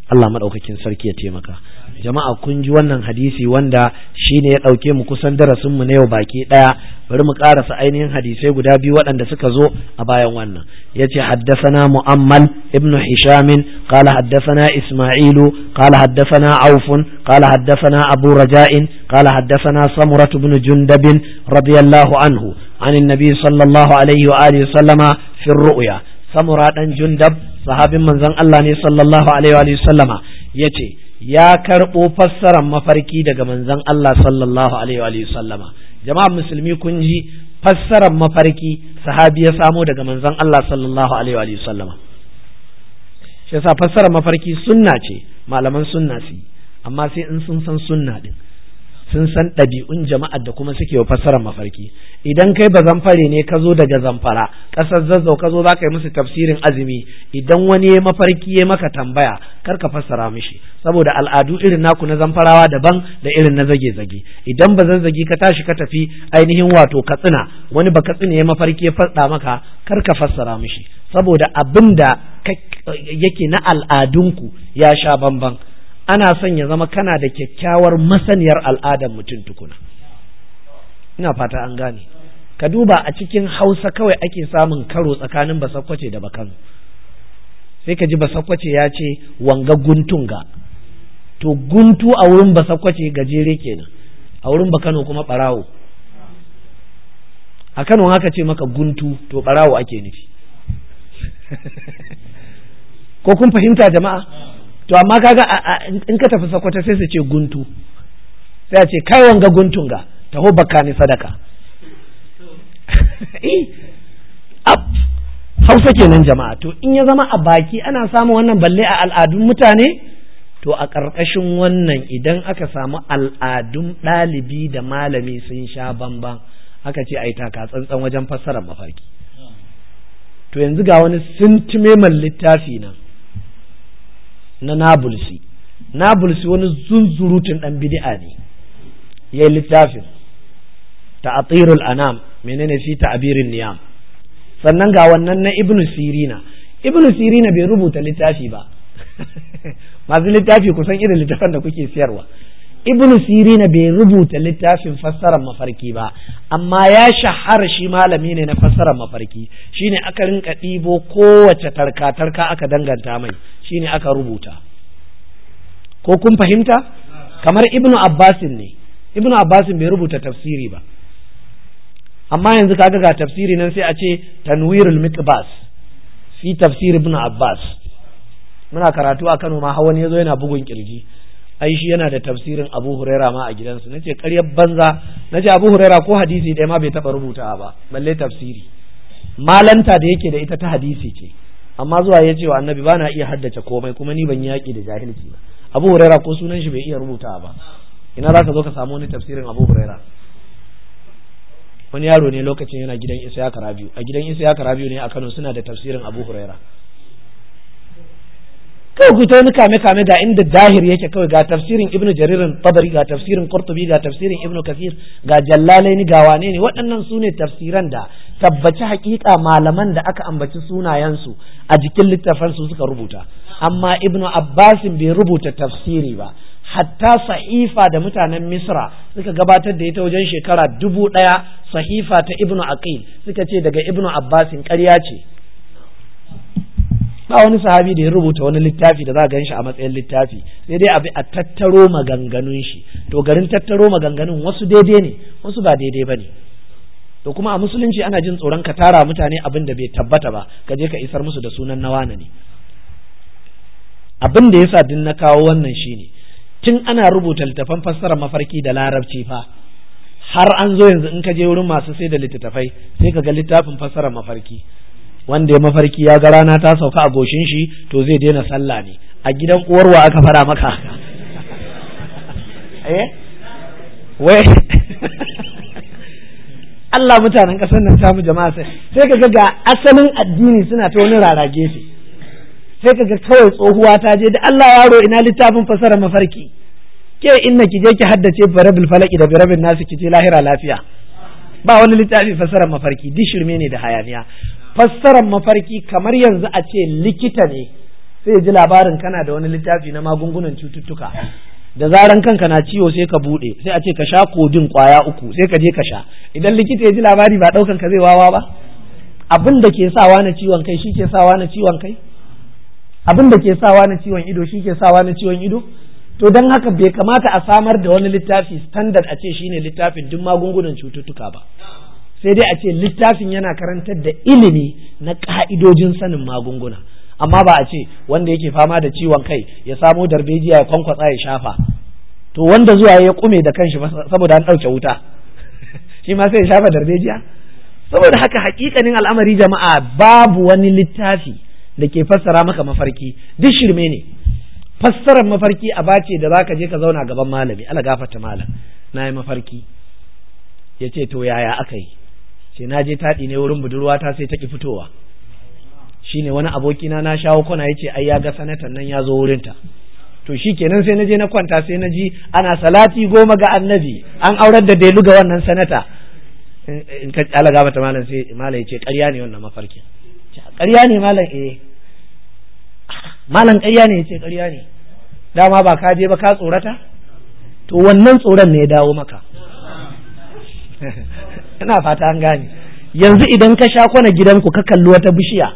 Allah madaukakin sarki ya taimaka jama'a kun ji wannan hadisi wanda shi ne ya ɗauke mu kusan darasin mu na yau baki ɗaya bari mu ƙarasa ainihin hadisai guda biyu waɗanda suka zo a bayan wannan yace haddasana mu'ammal ibn hishamin qala haddasana isma'ilu qala haddasana aufun qala haddasana abu raja'in qala haddathana samurah ibn jundab radiyallahu anhu عن النبي صلى الله عليه وآله وسلم في الرؤيا samura dan jundab sahabin manzon Allah ne sallallahu alaihi wa sallama yace ya karɓo fassarar mafarki daga manzon Allah sallallahu alaihi wa sallama jama'an musulmi kun ji fassarar mafarki sahabi ya samo daga manzon Allah sallallahu alaihi wa sallama shi yasa fassarar mafarki sunna ce malaman sunna su amma sai in sun san sunna din sun san ɗabi'un jama'ar da kuma suke wa fassarar mafarki idan kai ba zamfare ne ka zo daga zamfara ƙasar zazzau ka zo za ka yi musu tafsirin azumi idan wani ya mafarki ya maka tambaya kar ka fassara mishi saboda al'adu irin naku na zamfarawa daban da irin na zage-zage idan ba zazzagi ka tashi ka tafi ainihin wato katsina wani ba katsina ya mafarki ya faɗa maka kar ka fassara mishi saboda abin da yake na al'adunku ya sha bambam. ana son ya zama kana da kyakkyawar masaniyar al'adar mutum tukuna ina fata an gane ka duba a cikin hausa kawai ake samun karo tsakanin basakwace da bakan sai ka ji basakwace ya ce wanga guntunga to guntu a wurin basakwace gajere kenan a wurin bakano kuma barawo a kano haka ce maka guntu to barawo ake nufi ko kun fahimta jama'a to amma kaga in ka tafi sakwata sai su ce guntu sai a ce kai wanga guntun ga taho baka ni sadaka eh, hausa kenan jama'a to in ya zama a baki ana samun wannan balle a al'adun mutane to a ƙarƙashin wannan idan aka samu al'adun ɗalibi da malami sun sha bamban aka ce a yi taka tsantsan wajen fassara mafarki to yanzu ga wani sintimeman littafi nan na nabulsi nabulsi wani zunzurutun dan bid'a ne yayi littafin ta'atirul anam menene fi ta'abirin niyam sannan ga wannan na ibnu sirina ibnu sirina bai rubuta littafi ba masu littafi kusan irin littafin da kuke siyarwa ibn sirina bai rubuta littafin fassarar mafarki ba amma ya shahara shi malami ne na fassarar mafarki shine aka rinka ɗibo kowace tarka tarka aka danganta mai shine aka rubuta ko kun fahimta kamar ibn abbasin ne ibn abbasin bai rubuta tafsiri ba amma yanzu kaga ga tafsiri nan sai a ce tanwirul miqbas fi tafsir ibn abbas muna karatu a Kano ma hawan yazo yana bugun kirji ai shi yana da tafsirin Abu Huraira ma a gidansu nace ƙaryar banza nace Abu Huraira ko hadisi da ma bai taɓa rubuta ba balle tafsiri malanta da yake da ita ta hadisi ce amma zuwa ya ce wa annabi ba na iya haddace komai kuma ni ban yaki da jahilci ba Abu Huraira ko sunan shi bai iya rubuta ba ina za ka zo ka samu wani tafsirin Abu Huraira wani yaro ne lokacin yana gidan Isa ya Karabiyu a gidan Isa ya Karabiyu ne a Kano suna da tafsirin Abu Huraira kawai ku ta wani kame kame ga inda dahir yake kawai ga tafsirin ibnu jaririn tabari ga tafsirin kurtubi ga tafsirin ibnu kasir ga jallalaini ga wane ne waɗannan su ne tafsiran da tabbaci hakika malaman da aka ambaci sunayensu a jikin littafan su suka rubuta amma ibnu abbasin bai rubuta tafsiri ba hatta sahifa da mutanen misra suka gabatar da ita wajen shekara dubu ɗaya sahifa ta ibnu aqil suka ce daga ibnu abbasin ƙarya ce ba wani sahabi da ya rubuta wani littafi da za a ganshi a matsayin littafi sai dai abi a tattaro maganganun shi to garin tattaro maganganun wasu daidai ne wasu ba daidai ba ne to kuma a musulunci ana jin tsoron ka tara mutane abin da bai tabbata ba ka je ka isar musu da sunan na wane ne abin da yasa din na kawo wannan shi ne. tun ana rubuta littafan fassarar mafarki da larabci fa har an zo yanzu in ka je wurin masu sai da littattafai sai ka ga littafin fassarar mafarki wanda ya mafarki ya ga rana ta sauka a goshin shi to zai daina sallah ne a gidan uwarwa aka fara maka haka eh wai Allah mutanen ƙasar nan samu jama'a sai sai kaga ga asalin addini suna ta wani rarage shi sai kaga kawai tsohuwa ta je da Allah ya yaro ina littafin fasara mafarki ke inna ki je ki haddace barabil falaki da barabil nasu ki je lahira lafiya ba wani littafin fasara mafarki duk shirme ne da hayaniya fassarar mafarki kamar yanzu a ce likita ne sai ji labarin kana da wani littafi na magungunan cututtuka da zaran kanka na ciwo sai ka bude sai a ce ka sha kodin kwaya uku sai ka je ka sha idan likita ya ji labari ba daukan ka zai wawa ba abin da ke sawa na ciwon kai shi ke sawa na ciwon kai abin da ke sawa na ciwon ido shi ke sawa na ciwon ido to don haka bai kamata a samar da wani littafi standard a ce shine littafin duk magungunan cututtuka ba sai dai a ce littafin yana karantar da ilimi na ka'idojin sanin magunguna amma ba a ce wanda yake fama da ciwon kai ya samo darbejiya ya kwankwatsa ya shafa to wanda zuwa ya kume da kanshi saboda an ɗauke wuta shi ma sai ya shafa darbejiya saboda haka hakikanin al'amari jama'a babu wani littafi da ke fassara maka mafarki duk shirme ne fassarar mafarki a bace da zaka je ka zauna gaban malami ala gafarta malam na yi mafarki ya ce to yaya aka yi ce na je taɗi ne wurin budurwata sai ta ki fitowa shine wani abokina na shawo kwana ya ce ai ya ga sanatan nan ya zo wurinta to shi kenan sai na je na kwanta sai na ji ana salati goma ga annabi an aurar da delu ga wannan sanata in ka alaga mata malam sai malam ya ce ƙarya ne wannan mafarkin ƙarya ne malam eh malam ƙarya ne ya ce ƙarya ne dama ba ka je ba ka tsorata to wannan tsoron ne ya dawo maka ina fata an gane yanzu idan ka sha kwana gidanku ka kalli wata bishiya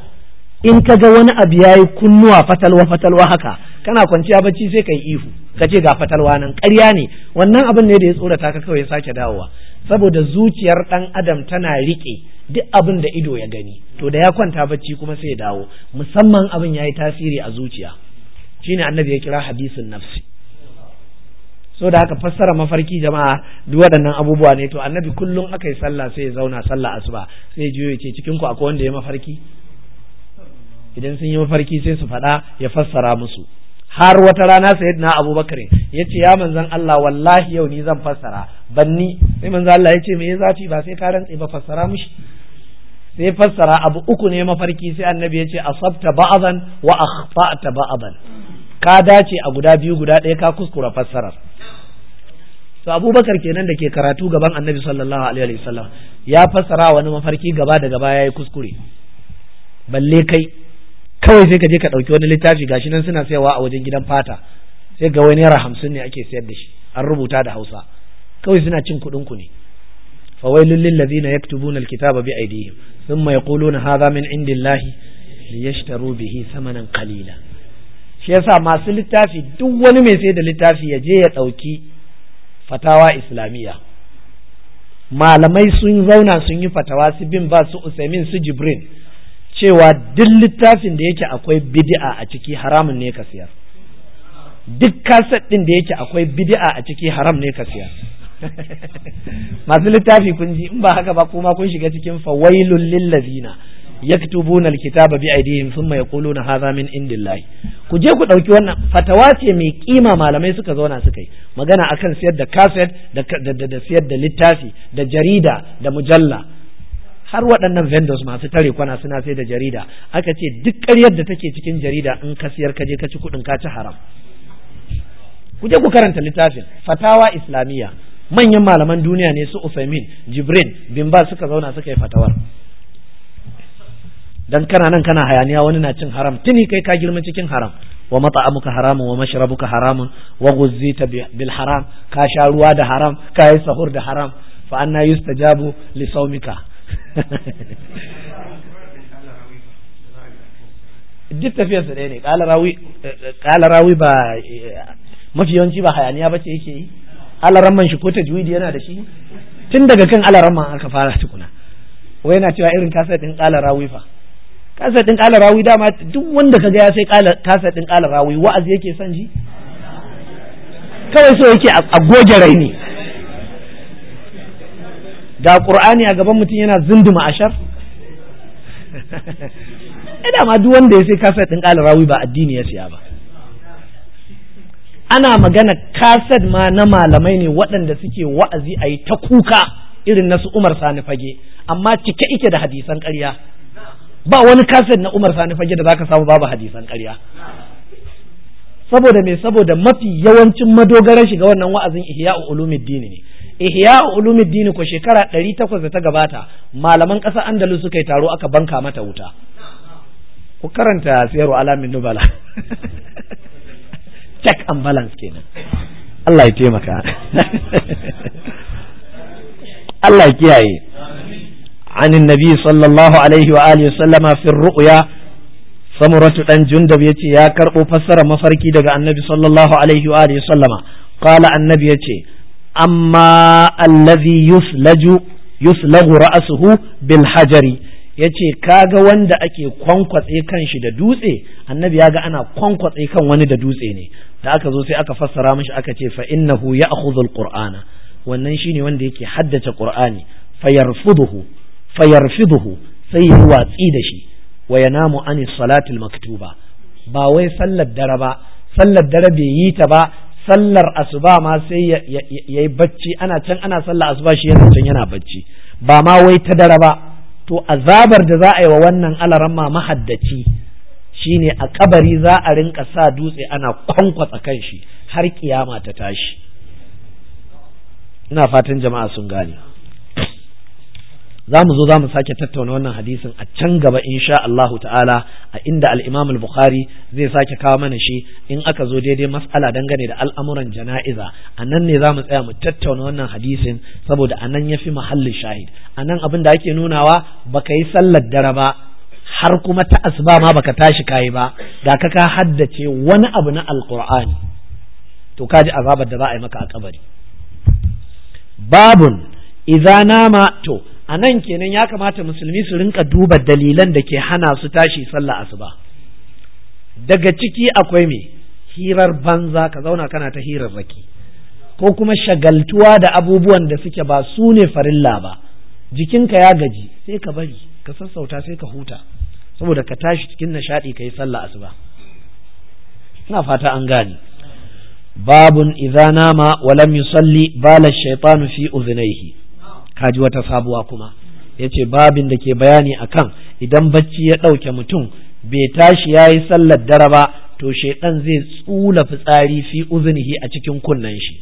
in ka ga wani abu yayi kunnuwa fatalwa fatalwa haka kana kwanciya bacci sai kai ihu ka ce ga fatalwa nan ƙarya ne wannan abin ne da ya tsorata ka kawai sake dawowa saboda zuciyar dan adam tana rike duk abin da ido ya gani to da ya kwanta bacci kuma sai ya dawo musamman abin yayi tasiri a zuciya shine annabi ya kira hadisin nafsi so da haka fassara mafarki jama'a duk waɗannan abubuwa ne to annabi kullum aka yi sallah sai ya zauna sallah asuba sai ya juyo ce cikin ku akwai wanda ya mafarki idan sun yi mafarki sai su faɗa ya fassara musu har wata rana na abubakar ya ce ya manzan Allah wallahi yau ni zan fassara banni sai manzan Allah ya ce me ya zafi ba sai ka rantse ba fassara mushi sai fassara abu uku ne mafarki sai annabi ya ce asabta ba'adan wa akhta'ta ba'adan ka dace a guda biyu guda ɗaya ka kuskura fassarar to abubakar kenan da ke karatu gaban annabi sallallahu alaihi sallam ya fassara wani mafarki gaba da gaba ya kuskure balle kai kawai sai ka je ka ɗauki wani littafi gashi nan suna sayawa a wajen gidan fata sai ga wani naira hamsin ne ake sayar da shi an rubuta da hausa kawai suna cin kuɗin ku ne fawailul lil ladina yaktubuna alkitaba bi aydihim thumma yaquluna hadha min indillahi liyashtaru bihi thamanan qalila shi yasa masu littafi duk wani mai sayar da littafi ya je ya ɗauki fatawa islamiyya malamai sun zauna sun yi fatawa su bin ba su usaimin su jibrin cewa duk littafin da yake akwai bid'a a ciki haramun ne ka siya duk kaset din da yake akwai bid'a a ciki haram ne ka siya masu littafi kun ji in ba haka ba kuma kun shiga cikin fawailun lillazina yaktubuna الكتاب bi ثم يقولون هذا من عند الله كجي كو ku ɗauki wannan fatawa ce mai kima malamai suka zauna suka yi magana akan siyar da kaset da siyar da littafi da jarida da mujalla har waɗannan vendors masu tare kwana suna sai da jarida aka ce duk ƙaryar da take cikin jarida in ka siyar ka je ka ci kuɗin ka ci haram Kuje ku karanta littafin fatawa islamiyya manyan malaman duniya ne su Usaimin Jibrin Bimba suka zauna suka yi fatawar dan kana nan kana hayaniya wani na cin haram tuni kai ka girma cikin haram wa mata'amuka haramun wa mashrabuka haramun wa guzzita bil haram ka sha ruwa da haram ka yi sahur da haram fa anna yustajabu li sawmika duk tafiyar sa ne kala rawi kala rawi ba mafi yawanci ba hayaniya bace yake yi alaramman shi ko tajwidi yana da shi tun daga kan alaramman aka fara tukuna wai yana cewa irin kasa din kala rawi fa kasa din kala rawi dama duk wanda kaga ya sai kasa din kala rawi wa'azi yake son ji kawai so yake a goge raini ga qur'ani a gaban mutum yana zunduma ashar eh dama duk wanda ya sai kasa din kala rawi ba addini ya siya ba ana magana kaset ma na malamai ne waɗanda suke wa'azi ayi ta kuka irin nasu Umar Sani fage amma cike ike da hadisan ƙarya ba wani kaset na Umar Sani fage da zaka samu babu hadisan ƙarya saboda me saboda mafi yawancin madogaran shiga wannan wa'azin Ihya'u Ulumuddin ne Ihya'u Ulumuddin ko shekara 800 da ta gabata malaman ƙasar Andalus suka yi taro aka banka mata wuta ku karanta siyaru alamin nubala check and balance kenan Allah ya taimaka Allah ya kiyaye عن النبي صلى الله عليه وآله وسلم في الرؤيا samuratu dan jundab yace ya karbo fassara mafarki daga annabi sallallahu alaihi wa alihi sallama qala annabi yace amma allazi yuslaju yuslagu ra'suhu bil hajari yace kaga wanda ake kwankwatse kan shi da dutse annabi ya ga ana kwankwatse kan wani da dutse ne da aka zo sai aka fassara mishi aka ce fa innahu ya'khudhu al-qur'ana wannan shine wanda yake haddace qur'ani fayarfuduhu buhu sai yi watsi da shi wayana mu an salatil maktuba ba wai sallar dare ba sallar dare bai yi ta ba sallar asuba ma sai yayi yi bacci ana can ana sallar asuba shi yana yana bacci ba ma wai ta dare ba to azabar da za a yi wa wannan alaramma mahaddaci shine a kabari za a rinka sa dutse ana kwankwatsa kan shi har ƙiyama ta tashi ina fatan jama'a sun gane za mu zo za mu sake tattauna wannan hadisin a can gaba insha Allahu ta'ala a inda al-Imam al-Bukhari zai sake kawo mana shi in aka zo daidai mas'ala dangane da al'amuran jana'iza a nan ne za mu tsaya mu tattauna wannan hadisin saboda a nan yafi muhallin shahid a nan abin da ake nunawa baka yi sallar dare ba har kuma ta asuba ma baka tashi kayi ba ga ka ka haddace wani abu na alqur'ani to kaji azabar da za a yi maka a kabari babun idza nama to a nan kenan ya kamata musulmi su rinka duba dalilan da ke hana su tashi sallah asuba daga ciki akwai me hirar banza ka zauna kana ta hirar raki ko kuma shagaltuwa da abubuwan da suke ba su ne farilla ba jikinka ya gaji sai ka bari ka sassauta sai ka huta saboda ka tashi cikin nishaɗi ka yi sallah asuba ina fata an gane babun idza nama wa lam yusalli bala shaytanu fi uzunaihi kaji wata sabuwa kuma ya ce babin da ke bayani akan idan bacci ya ɗauke mutum bai tashi ya yi sallar dare ba to shaidan zai tsula fitsari fi uzunihi a cikin kunnen shi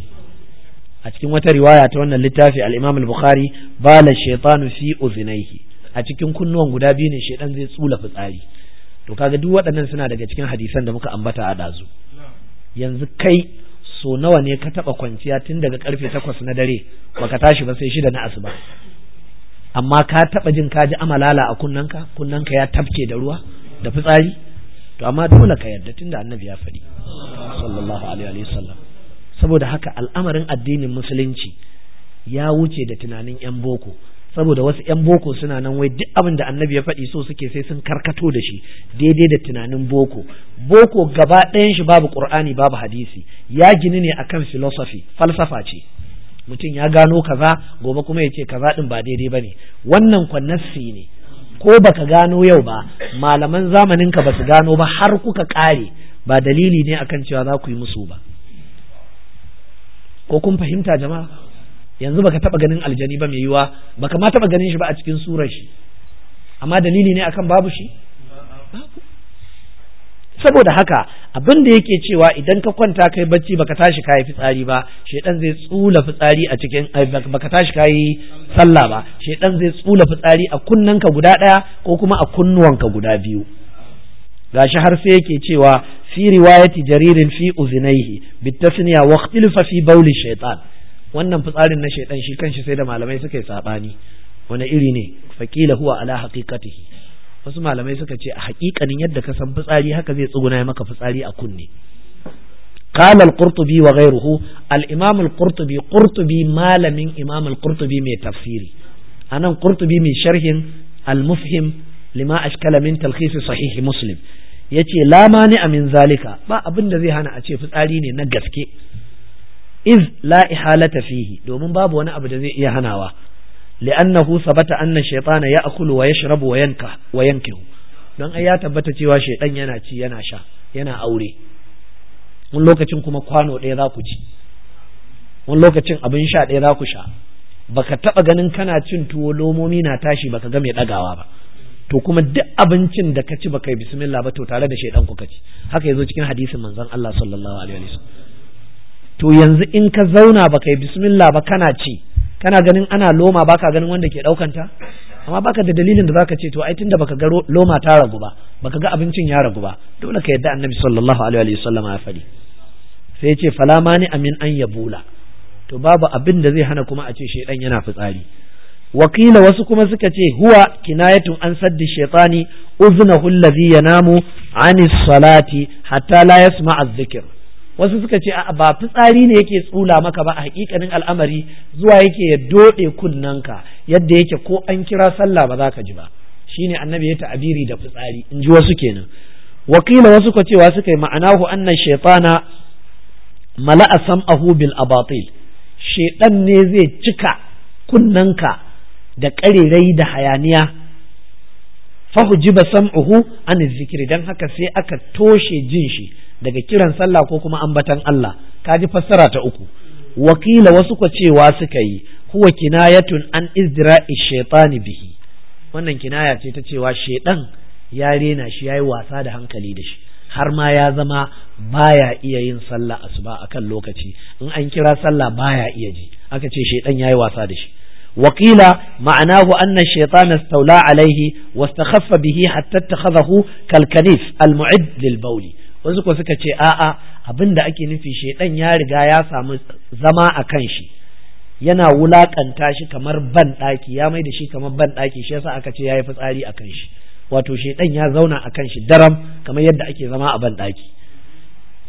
a cikin wata riwaya ta wannan littafi al-Imam al-Bukhari bala shaitanu fi uzunaihi a cikin kunnuwan guda biyu ne shaidan zai tsula fitsari to kaga duk waɗannan suna daga cikin hadisan da muka ambata a dazu yanzu kai so nawa ne ka taba kwanciya tun daga karfe takwas na dare baka tashi ba sai shida na asuba amma ka taba jin kaji amalala a kunnanka kunnanka ya tafke da ruwa da fitsari to amma dole ka yarda tun da annabi ya faɗi sallallahu alaihi wa sallam saboda haka al'amarin addinin musulunci ya wuce da tunanin yan boko saboda wasu yan boko suna nan wai duk abin da annabi ya faɗi so suke sai sun karkato da shi daidai da tunanin boko boko gaba ɗayan shi babu qur'ani babu hadisi ya gini ne akan philosophy falsafa ce mutum ya gano kaza gobe kuma ya ce kaza ɗin ba daidai bane wannan kwannassi ne ko baka gano yau ba malaman zamanin ka basu gano ba har kuka kare ba dalili ne akan cewa za ku yi musu ba ko kun fahimta jama'a yanzu baka taba ganin aljani ba mai yiwa baka ma taba ganin shi ba a cikin surar shi amma dalili ne akan babu shi saboda haka abin da yake cewa idan ka kwanta kai bacci baka tashi kai fitsari ba shedan zai tsula fitsari a cikin baka tashi kayi sallah ba shedan zai tsula fitsari a kunnanka guda daya ko kuma a kunnuwanka guda biyu gashi har sai yake cewa fi riwayati jaririn fi uzinaihi bitasniya waqtilfa fi bawli shaytan wannan fitsarin na shaidan shi kanshi sai da malamai suka yi sabani wani iri ne faqila huwa ala haqiqatihi wasu malamai suka ce a hakikanin yadda ka san fitsari haka zai tsuguna maka fitsari a kunne قال kurtubi wa gairu القرطبي قرطبي ما kurtubi إمام القرطبي من تفسيري أنا قرطبي من شرح المفهم لما أشكل من تلخيص صحيح muslim yace la mani min zalika ba abin da zai hana a ce fitsari ne na gaske iz la ihalata fihi domin babu wani abu da zai iya hanawa li'annahu sabata anna shaytana ya'kulu wa yashrabu wa yanka wa yankihu don ai ya tabbata cewa shaytan yana ci yana sha yana aure wani lokacin kuma kwano ɗaya za ku ci wani lokacin abin sha ɗaya za ku sha baka taba ganin kana cin tuwo lomomi na tashi baka ga mai dagawa ba to kuma duk abincin da ka ci baka yi bismillah ba to tare da shaidan kuka ci haka yazo cikin hadisin manzon Allah sallallahu alaihi wasallam to yanzu in ka zauna baka yi bismillah ba kana ci kana ganin ana loma baka ganin wanda ke ɗaukanta amma baka da dalilin da zaka ce to ai tunda baka ga loma ta ragu ba baka ga abincin ya ragu ba dole ka yadda annabi sallallahu alaihi wa sallam ya faɗi sai ce fala mani amin an yabula to babu abin da zai hana kuma a ce shedan yana fitsari wakila wasu kuma suka ce huwa kinayatun an saddi shaitani uznahu allazi yanamu anis salati hatta la yasma'a az wasu suka ce a ba fitsari ne yake tsula maka ba a hakikanin al'amari zuwa yake ya doɗe kunnanka yadda yake ko an kira sallah ba za ka ji ba shine annabi ya ta'abiri da fitsari in ji wasu kenan wakila wasu ka cewa suka yi ma'anahu anna shaitana mala'a sam'ahu bil abatil shaitan ne zai cika kunnanka da ƙarerai da hayaniya fahujiba sam'uhu an zikiri dan haka sai aka toshe jin shi daga kiran sallah ko kuma ambatan Allah ka ji fassara ta uku wakila wasu ko cewa suka yi huwa kinayatun an izdira'i shaytani bihi wannan kinaya ce ta cewa shaidan ya rena shi yayi wasa da hankali da shi har ma ya zama baya iya yin sallah asuba akan lokaci in an kira sallah baya iya ji aka ce shaidan yayi wasa da shi وقيل معناه أن الشيطان استولى عليه bihi به حتى اتخذه كالكنيف المعد للبول wasu kuwa suka ce a'a abin da ake nufi shaidan ya riga ya samu zama a kan shi yana wulaƙanta shi kamar banɗaki ya mai da shi kamar banɗaki ɗaki shi yasa aka ce ya yi fitsari a kan shi wato shaidan ya zauna a kan shi daram kamar yadda ake zama a banɗaki ɗaki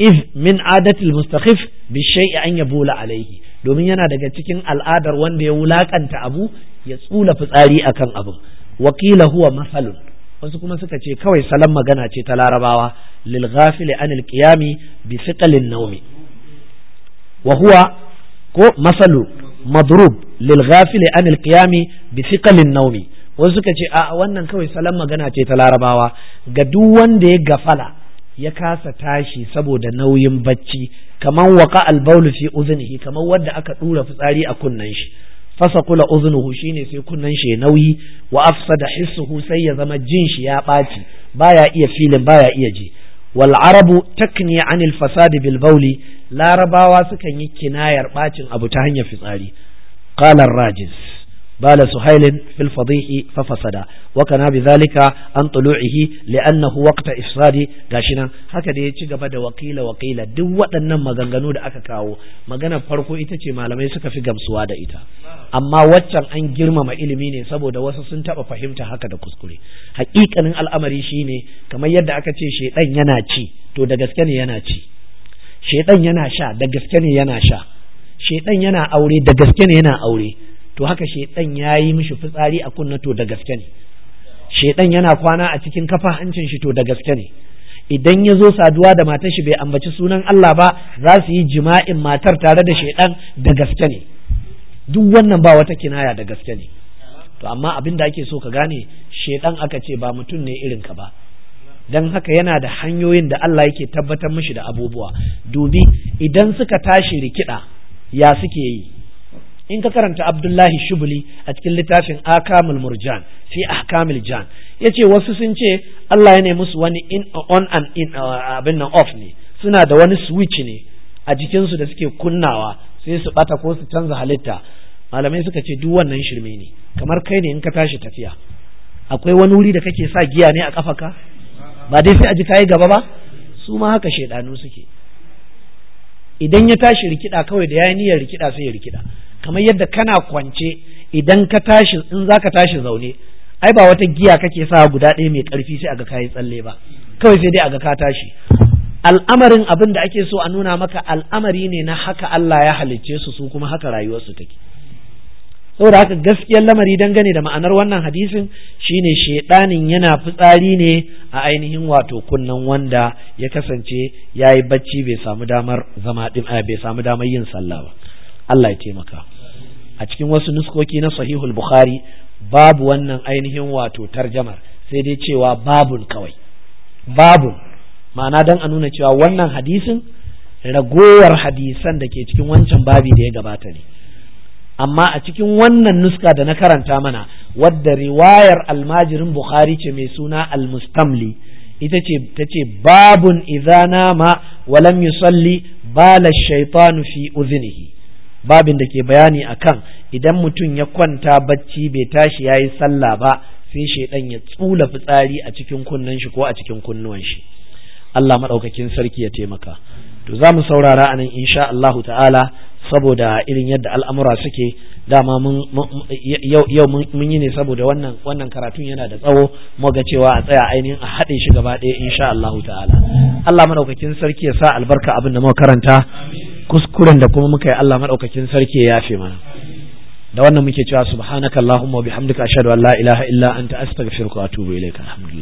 iz min adatil mustakhif bi shay'i an yabula alaihi domin yana daga cikin al'adar wanda ya wulakanta abu ya tsula fitsari akan abu. wakila huwa masalun wasu kuma suka ce kawai salon magana ce ta larabawa lil ghafili anil qiyami bi siqalin nawmi wa huwa ko masalu madrub lil bi wasu suka ce a wannan kawai salon magana ce ta larabawa ga duk wanda ya gafala ya kasa tashi saboda nauyin bacci kaman waka albaulu fi uzunihi kaman wanda aka dura fitsari a kunnen shi fasa kula uzunuhu shine sai kunnen shi nauyi wa afsada hissuhu sai ya zama jin shi ya ɓaci baya iya filin baya iya ji wal arabu takni anil fasadi bil bauli larabawa sukan yi kinayar bacin abu ta hanyar fitsari qala rajis. بال سهيل في الفضيح ففسد وكان بذلك عن طلوعه لأنه وقت إفساد غاشنا هكذا يجب da وقيل وقيل duk waɗannan maganganu da aka kawo magana farko ita ce malamai suka fi gamsuwa da ita amma waccan an girmama ilimi ne saboda wasu sun taɓa fahimta haka da kuskure hakikanin al'amari shine kamar yadda aka ce shedan yana ci to da gaske ne yana ci shedan yana sha da gaske ne yana sha shedan yana aure da gaske ne yana aure to haka shedan yi mishi fitsari a kunna to da gaske ne shedan yana kwana a cikin kafa hancin shi to da gaske ne idan ya zo saduwa da matar shi bai ambaci sunan Allah ba za su yi jima'in matar tare da shedan da gaske ne duk wannan ba wata kinaya da gaske ne to amma abin da ake so ka gane shedan aka ce ba mutum ne irin ka ba dan haka yana da hanyoyin da Allah yake tabbatar mishi da abubuwa dubi idan suka tashi rikida ya suke yi in ka karanta abdullahi shubuli a cikin littafin akamul murjan fi ahkamil jan ya ce wasu sun ce Allah ya ne musu wani in on and in uh, abin nan off ne suna da wani switch ne a jikinsu da suke kunnawa sai su bata ko su canza halitta malamai suka ce duk wannan shirme ne kamar kai ne in ka tashi tafiya akwai wani wuri da kake sa giya ne a kafaka ba dai sai a ji kai gaba ba su ma haka shedanu suke idan ya tashi rikida kawai da yayi niyyar rikida sai ya rikida kamar yadda kana kwance idan ka tashi in za ka tashi zaune ai ba wata giya kake sa guda ɗaya mai ƙarfi sai aga kayi tsalle ba kawai sai dai aga ka tashi al'amarin abin da ake so a nuna maka al'amari ne na haka Allah ya halicce su su kuma haka rayuwar su take saboda haka gaskiyar lamari dangane da ma'anar wannan hadisin shine shedanin yana fitsari ne a ainihin wato kunnan wanda ya kasance yayi bacci bai samu damar zama din eh, bai samu damar yin sallah ba Allah ya taimaka a cikin wasu nuskoki na sahihul bukhari babu wannan ainihin wato tarjamar sai dai cewa babun kawai babun ma'ana don a nuna cewa wannan hadisin ragowar hadisan da ke cikin wancan babi da ya gabata ne amma a cikin wannan nuska da na karanta mana wadda riwayar almajirin bukhari ce mai suna almustamli ita ce ta ce babun izana nama walam yusalli bala shaitanu fi uzinihi babin da ke bayani akan idan mutum ya kwanta bacci bai tashi ya yi sallah ba sai shaidan ya tsula fitsari a cikin kunnen shi ko a cikin kunnuwan shi Allah maɗaukakin sarki ya taimaka to za mu saurara a nan insha Allah ta'ala saboda irin yadda al'amura suke dama yau mun yi ne saboda wannan wannan karatun yana da tsawo mu ga cewa a tsaya ainihin a haɗe shi gaba ɗaya insha Allah ta'ala Allah maɗaukakin sarki ya sa albarka abin da muka karanta kuskuren da kuma muka yi Allah maɗaukakin sarki ya yafe mana da wannan muke cewa subhanakallahumma wa bihamdika ashhadu an la ilaha illa anta astaghfiruka wa atubu ilaika alhamdulillah